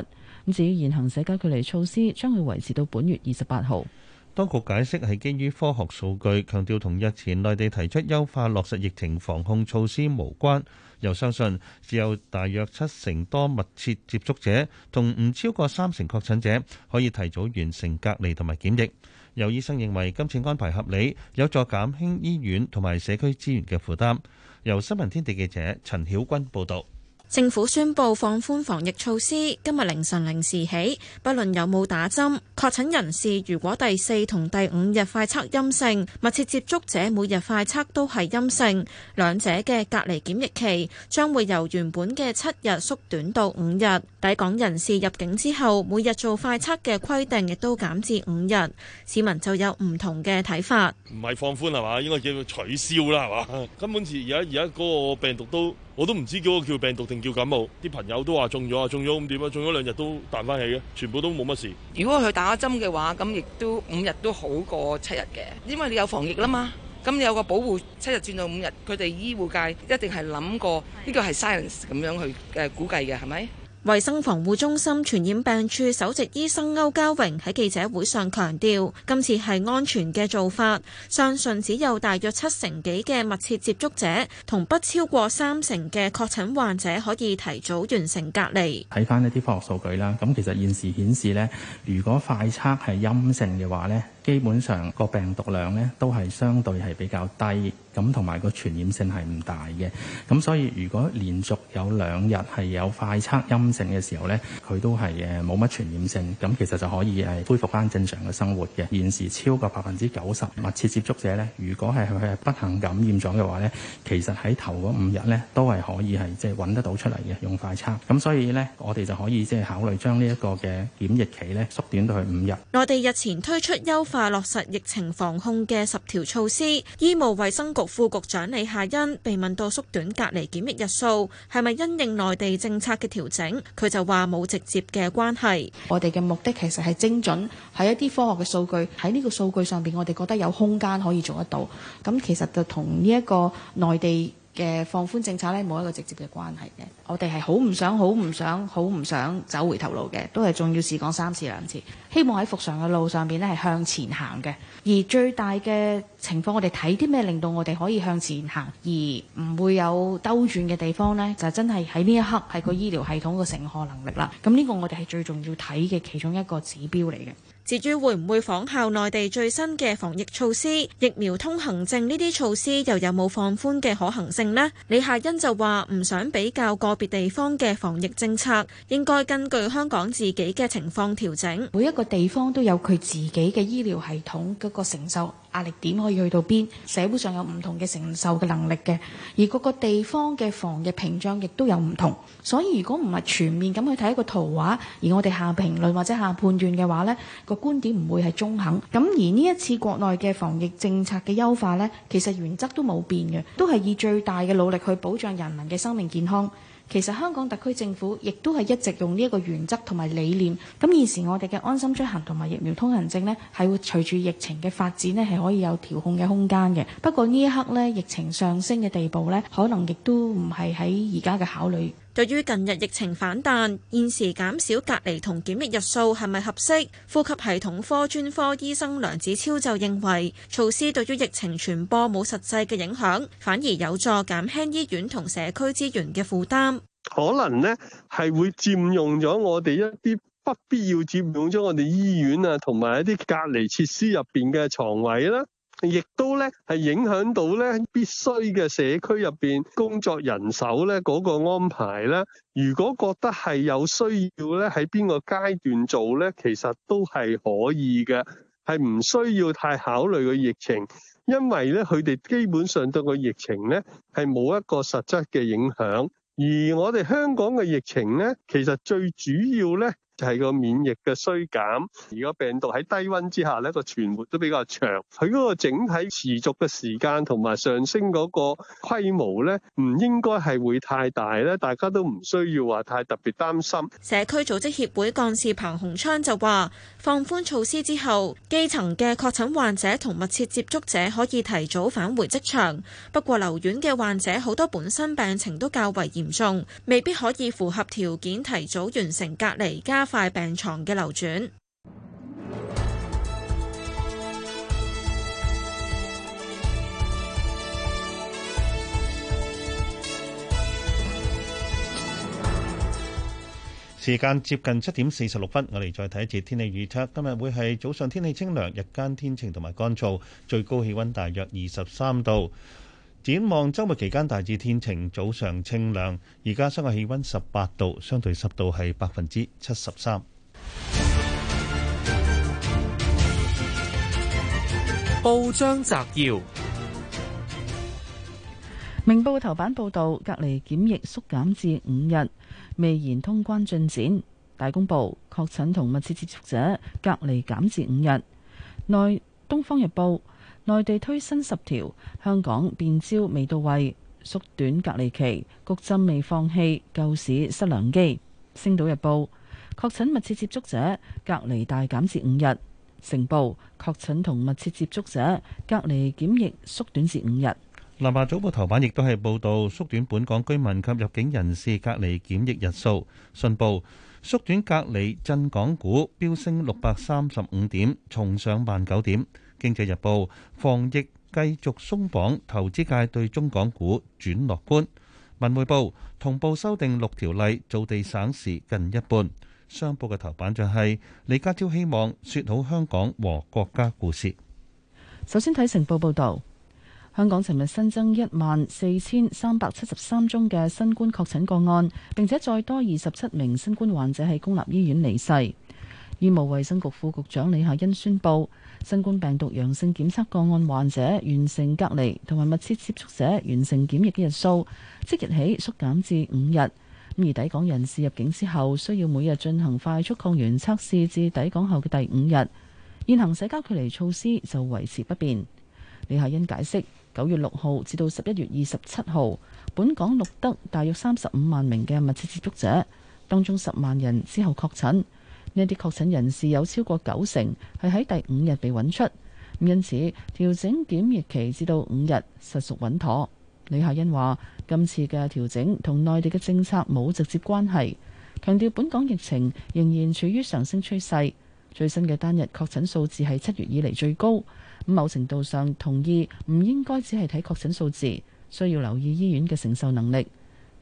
咁至於現行社交距離措施，將會維持到本月二十八號。當局解釋係基於科學數據，強調同日前內地提出優化落實疫情防控措施無關。又相信只有大約七成多密切接觸者同唔超過三成確診者可以提早完成隔離同埋檢疫。有醫生認為今次安排合理，有助減輕醫院同埋社區資源嘅負擔。由新聞天地記者陳曉君報導。政府宣布放寬防疫措施,今日凌晨零時起,不論有冇打針,確診人士如果第四同第五日快測陰性,密切接觸者每日快測都係陰性,兩者嘅隔離檢疫期將會由原本嘅七日縮短到五日,抵港人士入境之後,每日做快測嘅規定亦都減至五日,市民就有唔同嘅睇法。唔係放寬係嘛?應該叫取消啦係嘛?根本而家,而家嗰個病毒都我都唔知叫個叫病毒定叫感冒，啲朋友都話中咗啊，中咗咁點啊？中咗兩日都彈翻起嘅，全部都冇乜事。如果佢打咗針嘅話，咁亦都五日都好過七日嘅，因為你有防疫啦嘛，咁你有個保護七日轉到五日，佢哋醫護界一定係諗過呢個係 science 咁樣去誒估計嘅，係咪？衛生防護中心傳染病處首席醫生歐家榮喺記者會上強調，今次係安全嘅做法，相信只有大約七成幾嘅密切接觸者同不超過三成嘅確診患者可以提早完成隔離。睇翻一啲科學數據啦，咁其實現時顯示呢，如果快測係陰性嘅話呢。基本上個病毒量咧，都係相對係比較低，咁同埋個傳染性係唔大嘅。咁所以如果連續有兩日係有快測陰性嘅時候咧，佢都係誒冇乜傳染性，咁其實就可以係恢復翻正常嘅生活嘅。現時超過百分之九十密切接觸者咧，如果係佢係不幸感染咗嘅話咧，其實喺頭嗰五日咧都係可以係即係揾得到出嚟嘅用快測，咁所以咧，我哋就可以即係考慮將呢一個嘅檢疫期咧縮短到去五日。內地日前推出優。快落實疫情防控嘅十條措施，醫務衛生局副局長李夏欣被問到縮短隔離檢疫日數係咪因應內地政策嘅調整，佢就話冇直接嘅關係。我哋嘅目的其實係精準，喺一啲科學嘅數據，喺呢個數據上邊，我哋覺得有空間可以做得到。咁其實就同呢一個內地。嘅放寬政策呢，冇一個直接嘅關係嘅。我哋係好唔想、好唔想、好唔想走回頭路嘅，都係重要事講三次兩次。希望喺復常嘅路上邊呢，係向前行嘅。而最大嘅情況我哋睇啲咩令到我哋可以向前行，而唔會有兜轉嘅地方呢，就真係喺呢一刻係個醫療系統嘅承荷能力啦。咁呢個我哋係最重要睇嘅其中一個指標嚟嘅。至於會唔會仿效內地最新嘅防疫措施、疫苗通行證呢啲措施又有冇放寬嘅可行性呢？李夏欣就話，唔想比較個別地方嘅防疫政策，應該根據香港自己嘅情況調整。每一個地方都有佢自己嘅醫療系統嗰個承受。壓力點可以去到邊？社會上有唔同嘅承受嘅能力嘅，而各個地方嘅防疫屏障亦都有唔同，所以如果唔係全面咁去睇一個圖畫，而我哋下評論或者下判斷嘅話呢，呢個觀點唔會係中肯。咁而呢一次國內嘅防疫政策嘅優化呢，其實原則都冇變嘅，都係以最大嘅努力去保障人民嘅生命健康。其實香港特區政府亦都係一直用呢一個原則同埋理念。咁現時我哋嘅安心出行同埋疫苗通行證呢，係會隨住疫情嘅發展呢，係可以有調控嘅空間嘅。不過呢一刻呢，疫情上升嘅地步呢，可能亦都唔係喺而家嘅考慮。對於近日疫情反彈，現時減少隔離同檢疫日數係咪合適？呼吸系統科專科醫生梁子超就認為，措施對於疫情傳播冇實際嘅影響，反而有助減輕醫院同社區資源嘅負擔。可能呢係會佔用咗我哋一啲不必要佔用咗我哋醫院啊，同埋一啲隔離設施入邊嘅床位啦。亦都咧係影響到咧必須嘅社區入邊工作人手咧嗰個安排咧。如果覺得係有需要咧，喺邊個階段做咧，其實都係可以嘅，係唔需要太考慮個疫情，因為咧佢哋基本上對個疫情咧係冇一個實質嘅影響。而我哋香港嘅疫情咧，其實最主要咧。係個免疫嘅衰減，如果病毒喺低溫之下呢個存活都比較長。佢嗰個整體持續嘅時間同埋上升嗰個規模呢，唔應該係會太大咧，大家都唔需要話太特別擔心。社區組織協會幹事彭洪昌就話：放寬措施之後，基層嘅確診患者同密切接觸者可以提早返回職場，不過留院嘅患者好多本身病情都較為嚴重，未必可以符合條件提早完成隔離加。快病床嘅流轉。時間接近七點四十六分，我哋再睇一次天氣預測。今日會係早上天氣清涼，日間天晴同埋乾燥，最高氣溫大約二十三度。展望周末期間大致天晴，早上清涼。而家室外氣温十八度，相對濕度係百分之七十三。報章摘要：明報頭版報導，隔離檢疫縮減至五日，未然通關進展。大公報，確診同密切接觸者隔離減至五日。內《東方日報》。內地推新十條，香港變招未到位，縮短隔離期，谷針未放棄，救市失良機。星島日報：確診密切接觸者隔離大減至五日。成報：確診同密切接觸者隔離檢疫縮短至五日。南華早報頭版亦都係報導縮短本港居民及入境人士隔離檢疫日數。信報：縮短隔離，振港股飆升六百三十五點，重上萬九點。《經濟日報》，防疫繼續鬆綁，投資界對中港股轉樂觀。《文匯報》，同步修訂六條例，造地省時近一半。商報嘅頭版就係、是、李家超希望說好香港和國家故事。首先睇成報報導，香港尋日新增一萬四千三百七十三宗嘅新冠確診個案，並且再多二十七名新冠患者喺公立醫院離世。醫務衛生局副局長李夏欣宣布。新冠病毒陽性檢測個案患者完成隔離同埋密切接觸者完成檢疫嘅日數，即日起縮減至五日。咁而抵港人士入境之後，需要每日進行快速抗原測試至抵港後嘅第五日。現行社交距離措施就維持不變。李夏欣解釋，九月六號至到十一月二十七號，本港錄得大約三十五萬名嘅密切接觸者，當中十萬人之後確診。呢啲確診人士有超過九成係喺第五日被揾出，因此調整檢疫期至到五日實屬穩妥。李夏欣話：今次嘅調整同內地嘅政策冇直接關係，強調本港疫情仍然處於上升趨勢，最新嘅單日確診數字係七月以嚟最高。咁某程度上同意唔應該只係睇確診數字，需要留意醫院嘅承受能力。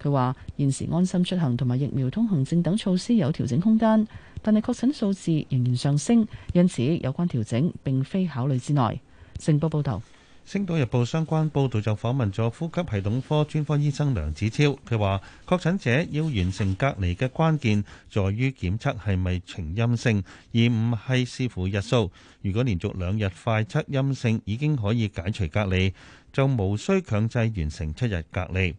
佢話現時安心出行同埋疫苗通行證等措施有調整空間。但係確診數字仍然上升，因此有關調整並非考慮之內。星報報道，星島日報相關報導就訪問咗呼吸系統科專科醫生梁子超，佢話：確診者要完成隔離嘅關鍵，在於檢測係咪呈陰性，而唔係視乎日數。如果連續兩日快測陰性，已經可以解除隔離，就無需強制完成七日隔離。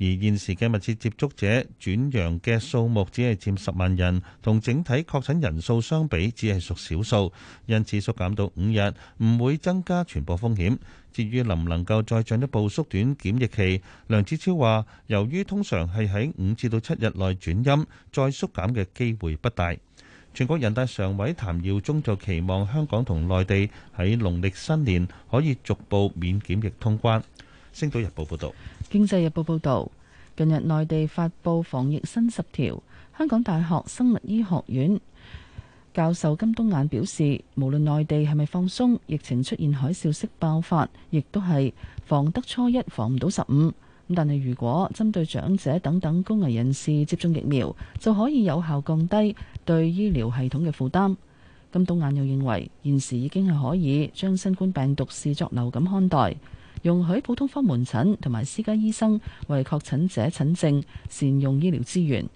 而現時嘅密切接觸者轉陽嘅數目只係佔十萬人，同整體確診人數相比，只係屬少數。因此縮減到五日，唔會增加傳播風險。至於能唔能夠再進一步縮短檢疫期，梁志超話：由於通常係喺五至到七日內轉陰，再縮減嘅機會不大。全國人大常委譚耀宗就期望香港同內地喺農曆新年可以逐步免檢疫通關。星島日報報導。經濟日報報導，近日內地發布防疫新十條。香港大學生物醫學院教授金冬雁表示，無論內地係咪放鬆，疫情出現海嘯式爆發，亦都係防得初一，防唔到十五。咁但係如果針對長者等等高危人士接種疫苗，就可以有效降低對醫療系統嘅負擔。金冬雁又認為，現時已經係可以將新冠病毒視作流感看待。容許普通科門診同埋私家醫生為確診者診症，善用醫療資源。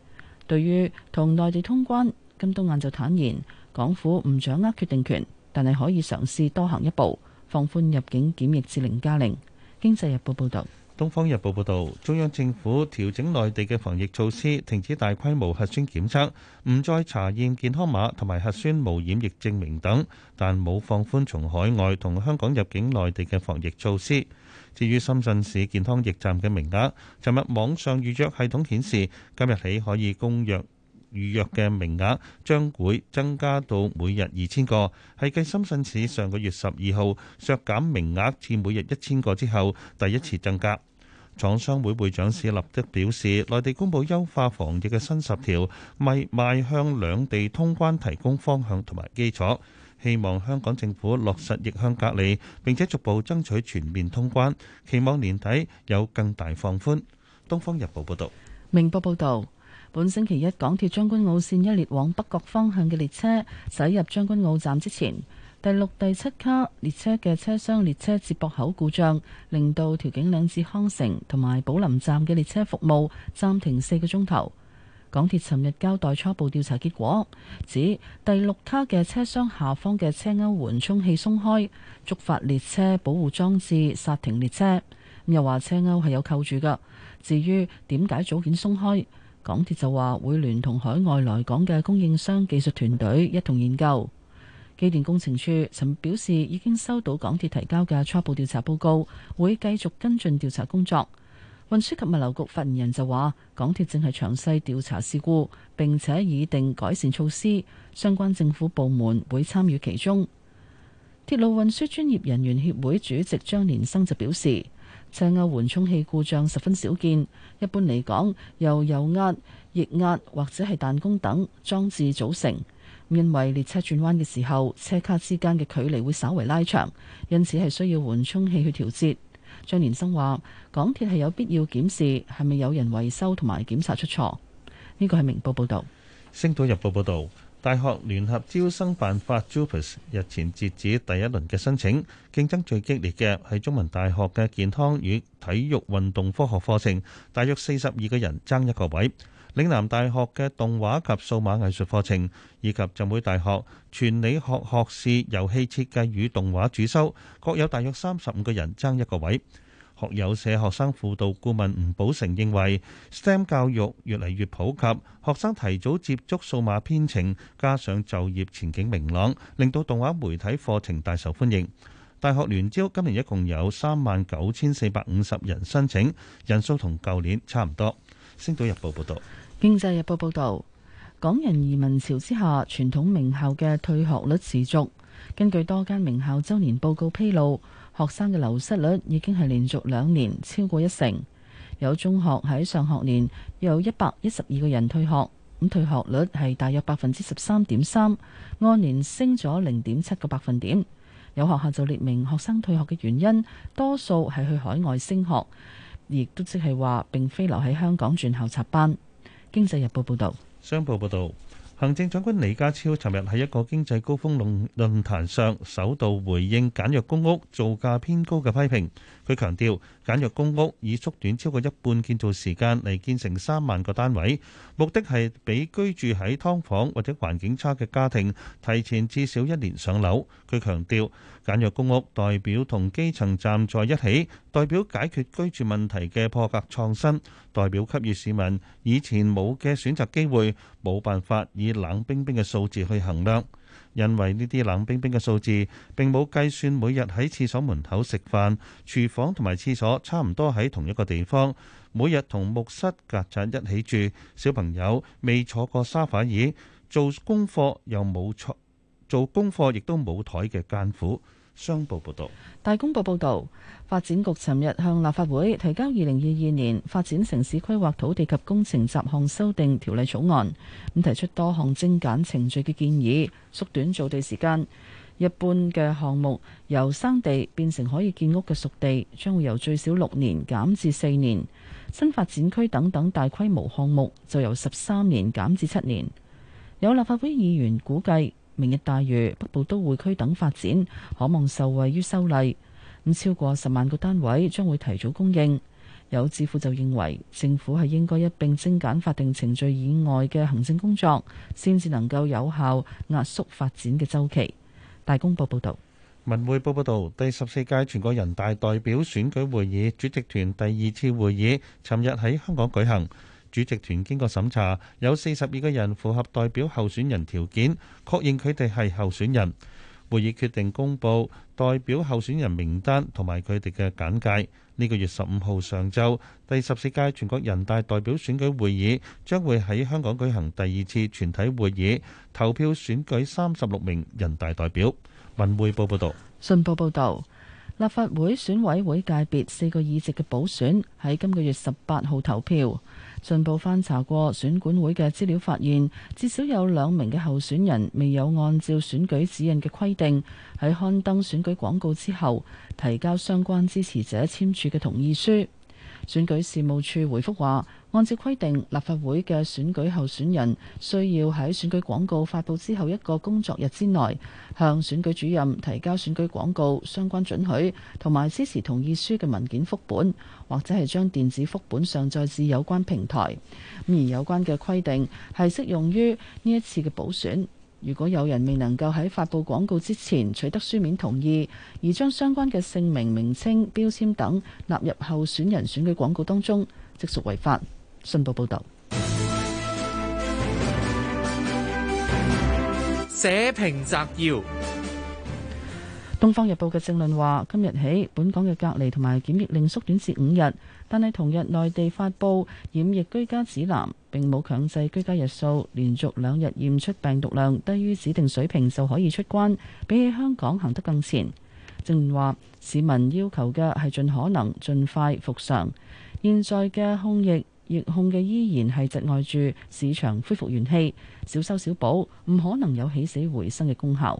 對於同內地通關，金冬雁就坦言，港府唔掌握決定權，但係可以嘗試多行一步，放寬入境檢疫至零加零。經濟日報報導。《東方日報》報道，中央政府調整內地嘅防疫措施，停止大規模核酸檢測，唔再查驗健康碼同埋核酸無染疫證明等，但冇放寬從海外同香港入境內地嘅防疫措施。至於深圳市健康疫站嘅名額，尋日網上預約系統顯示，今日起可以公約。預約嘅名額將會增加到每日二千個，係繼深圳市上個月十二號削減名額至每日一千個之後第一次增加。廠商會會長史立德表示，內地公布優化防疫嘅新十條，咪邁向兩地通關提供方向同埋基礎，希望香港政府落實逆向隔離，並且逐步爭取全面通關，期望年底有更大放寬。《東方日報》報道，《明報》報道。本星期一，港鐵將軍澳綫一列往北角方向嘅列車駛入將軍澳站之前，第六、第七卡列車嘅車廂列車接駁口故障，令到調景嶺至康城同埋寶林站嘅列車服務暫停四個鐘頭。港鐵尋日交代初步調查結果，指第六卡嘅車廂下方嘅車鈎緩衝器鬆開，觸發列車保護裝置剎停列車。又話車鈎係有扣住噶，至於點解組件鬆開？港鐵就話會聯同海外來港嘅供應商技術團隊一同研究。機電工程署曾表示已經收到港鐵提交嘅初步調查報告，會繼續跟進調查工作。運輸及物流局發言人就話，港鐵正係詳細調查事故，並且擬定改善措施，相關政府部門會參與其中。鐵路運輸專業人員協會主席張連生就表示：車鈎緩衝器故障十分少見，一般嚟講由油壓、液壓或者係彈弓等裝置組成。因為列車轉彎嘅時候，車卡之間嘅距離會稍微拉長，因此係需要緩衝器去調節。張連生話：港鐵係有必要檢視係咪有人維修同埋檢查出錯。呢個係明報報道。《星島日報》報道。大學聯合招生辦法 JUPAS 日前截止第一輪嘅申請，競爭最激烈嘅係中文大學嘅健康與體育運動科學課程，大約四十二個人爭一個位；嶺南大學嘅動畫及數碼藝術課程，以及浸會大學全理學學士遊戲設計與動畫主修，各有大約三十五個人爭一個位。學友社學生輔導顧問吳寶成認為，STEM 教育越嚟越普及，學生提早接觸數碼編程，加上就業前景明朗，令到動畫媒體課程大受歡迎。大學聯招今年一共有三萬九千四百五十人申請，人數同舊年差唔多。星島日報報道。經濟日報報道，港人移民潮之下，傳統名校嘅退學率持續。根據多間名校周年報告披露。學生嘅流失率已經係連續兩年超過一成，有中學喺上學年有一百一十二個人退學，咁退學率係大約百分之十三點三，按年升咗零點七個百分點。有學校就列明學生退學嘅原因，多數係去海外升學，亦都即係話，並非留喺香港轉校插班。經濟日報報道，商報報道。行政長官李家超尋日喺一個經濟高峰論論壇上，首度回應簡約公屋造價偏高嘅批評。佢強調，簡約公屋以縮短超過一半建造時間嚟建成三萬個單位，目的係俾居住喺劏房或者環境差嘅家庭提前至少一年上樓。佢強調。簡約公屋代表同基層站在一起，代表解決居住問題嘅破格創新，代表給予市民以前冇嘅選擇機會，冇辦法以冷冰冰嘅數字去衡量，因為呢啲冷冰冰嘅數字並冇計算每日喺廁所門口食飯，廚房同埋廁所差唔多喺同一個地方，每日同木室曱甴一起住，小朋友未坐過沙發椅，做功課又冇坐，做功課亦都冇枱嘅艱苦。商報報道，大公報報道，發展局尋日向立法會提交二零二二年發展城市規劃土地及工程雜項修訂條例草案，咁提出多項精簡程序嘅建議，縮短造地時間。一般嘅項目由生地變成可以建屋嘅熟地，將會由最少六年減至四年；新發展區等等大規模項目就由十三年減至七年。有立法會議員估計。明日大嶼、北部都會區等發展，可望受惠於修例。咁超過十萬個單位將會提早供應。有智庫就認為，政府係應該一並精簡法定程序以外嘅行政工作，先至能夠有效壓縮發展嘅周期。大公報報道，文匯報報道，第十四屆全國人大代表選舉會議主席團第二次會議，尋日喺香港舉行。主席團經過審查，有四十二個人符合代表候選人條件，確認佢哋係候選人。會議決定公布代表候選人名單同埋佢哋嘅簡介。呢個月十五號上晝，第十四屆全國人大代表選舉會議將會喺香港舉行第二次全體會議，投票選舉三十六名人大代表。文匯報報道。信報報道，立法會選委會界別四個議席嘅補選喺今個月十八號投票。進步翻查過選管會嘅資料，發現至少有兩名嘅候選人未有按照選舉指引嘅規定，喺刊登選舉廣告之後，提交相關支持者簽署嘅同意書。選舉事務處回覆話，按照規定，立法會嘅選舉候選人需要喺選舉廣告發佈之後一個工作日之內，向選舉主任提交選舉廣告相關准許同埋支持同意書嘅文件副本，或者係將電子副本上載至有關平台。咁而有關嘅規定係適用於呢一次嘅補選。如果有人未能夠喺發布廣告之前取得書面同意，而將相關嘅姓名、名稱、標籤等納入候選人選舉廣告當中，即屬違法。信報報道。社評摘要：《東方日報》嘅正論話，今日起本港嘅隔離同埋檢疫令縮短至五日。但係同日，內地發布染疫居家指南，並冇強制居家日數，連續兩日驗出病毒量低於指定水平就可以出關，比起香港行得更前。正論話市民要求嘅係盡可能盡快復常，現在嘅控疫疫控嘅依然係窒礙住市場恢復元氣，小修小補，唔可能有起死回生嘅功效。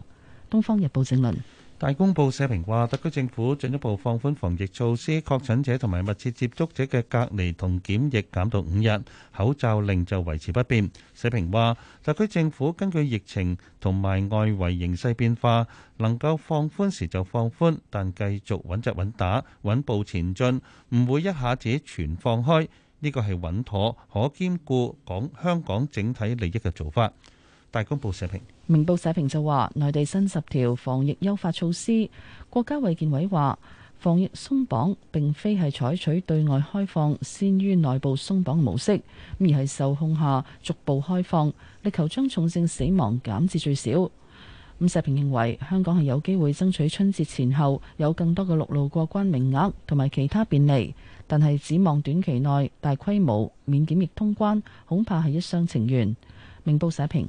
《東方日報》正論。大公報社評話，特區政府進一步放寬防疫措施，確診者同埋密切接觸者嘅隔離同檢疫減到五日，口罩令就維持不變。社評話，特區政府根據疫情同埋外圍形勢變化，能夠放寬時就放寬，但繼續穩紮穩打、穩步前進，唔會一下子全放開。呢個係穩妥、可兼顧港香港整體利益嘅做法。大公報社評，明報社評就話：，內地新十條防疫優化措施，國家衛健委話，防疫鬆綁並非係採取對外開放先於內部鬆綁模式，而係受控下逐步開放，力求將重症死亡減至最少。咁社評認為，香港係有機會爭取春節前後有更多嘅陸路過關名額同埋其他便利，但係指望短期內大規模免檢疫通關，恐怕係一廂情願。明報社評。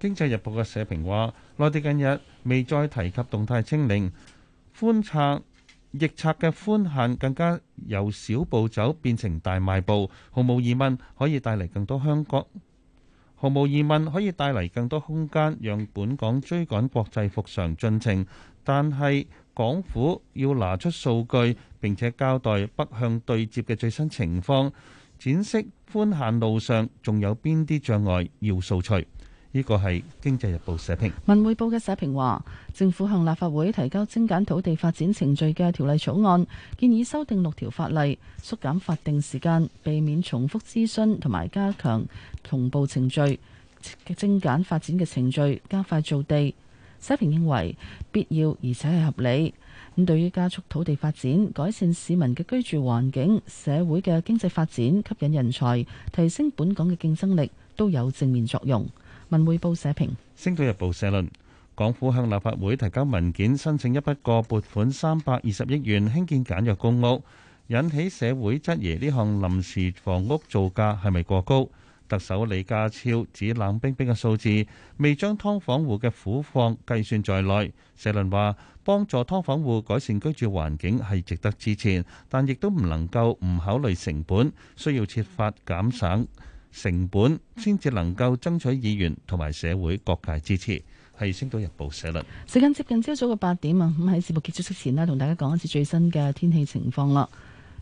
經濟日報嘅社評話：內地近日未再提及動態清零，寬策逆策嘅寬限更加由小步走變成大邁步，毫無疑問可以帶嚟更多香港，毫無疑問可以帶嚟更多空間，讓本港追趕國際復常進程。但係港府要拿出數據並且交代北向對接嘅最新情況，展示寬限路上仲有邊啲障礙要掃除。呢個係《經濟日報》社評。《文匯報》嘅社評話，政府向立法會提交精簡土地發展程序嘅條例草案，建議修訂六條法例，縮減法定時間，避免重複諮詢，同埋加強同步程序精簡發展嘅程序，加快造地。社評認為必要而且係合理。咁對於加速土地發展、改善市民嘅居住環境、社會嘅經濟發展、吸引人才、提升本港嘅競爭力，都有正面作用。文匯報社評，《星島日報》社論，港府向立法會提交文件申請一筆過撥款三百二十億元興建簡約公屋，引起社會質疑呢項臨時房屋造價係咪過高？特首李家超指冷冰冰嘅數字未將㓥房戶嘅苦況計算在內。社論話，幫助㓥房戶改善居住環境係值得支持，但亦都唔能夠唔考慮成本，需要設法減省。成本先至能夠爭取議員同埋社會各界支持，係《星島日報》社論。時間接近朝早嘅八點啊，咁喺節目結束之前咧，同大家講一次最新嘅天氣情況啦。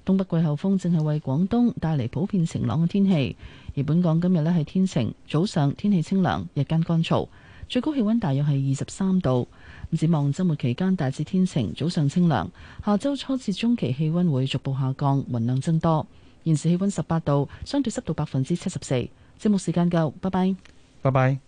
東北季候風正係為廣東帶嚟普遍晴朗嘅天氣，而本港今日咧係天晴，早上天氣清涼，日間乾燥，最高氣温大約係二十三度。咁展望周末期間大致天晴，早上清涼，下周初至中期氣温會逐步下降，雲量增多。現時氣溫十八度，相對濕度百分之七十四。節目時間夠，拜拜。拜拜。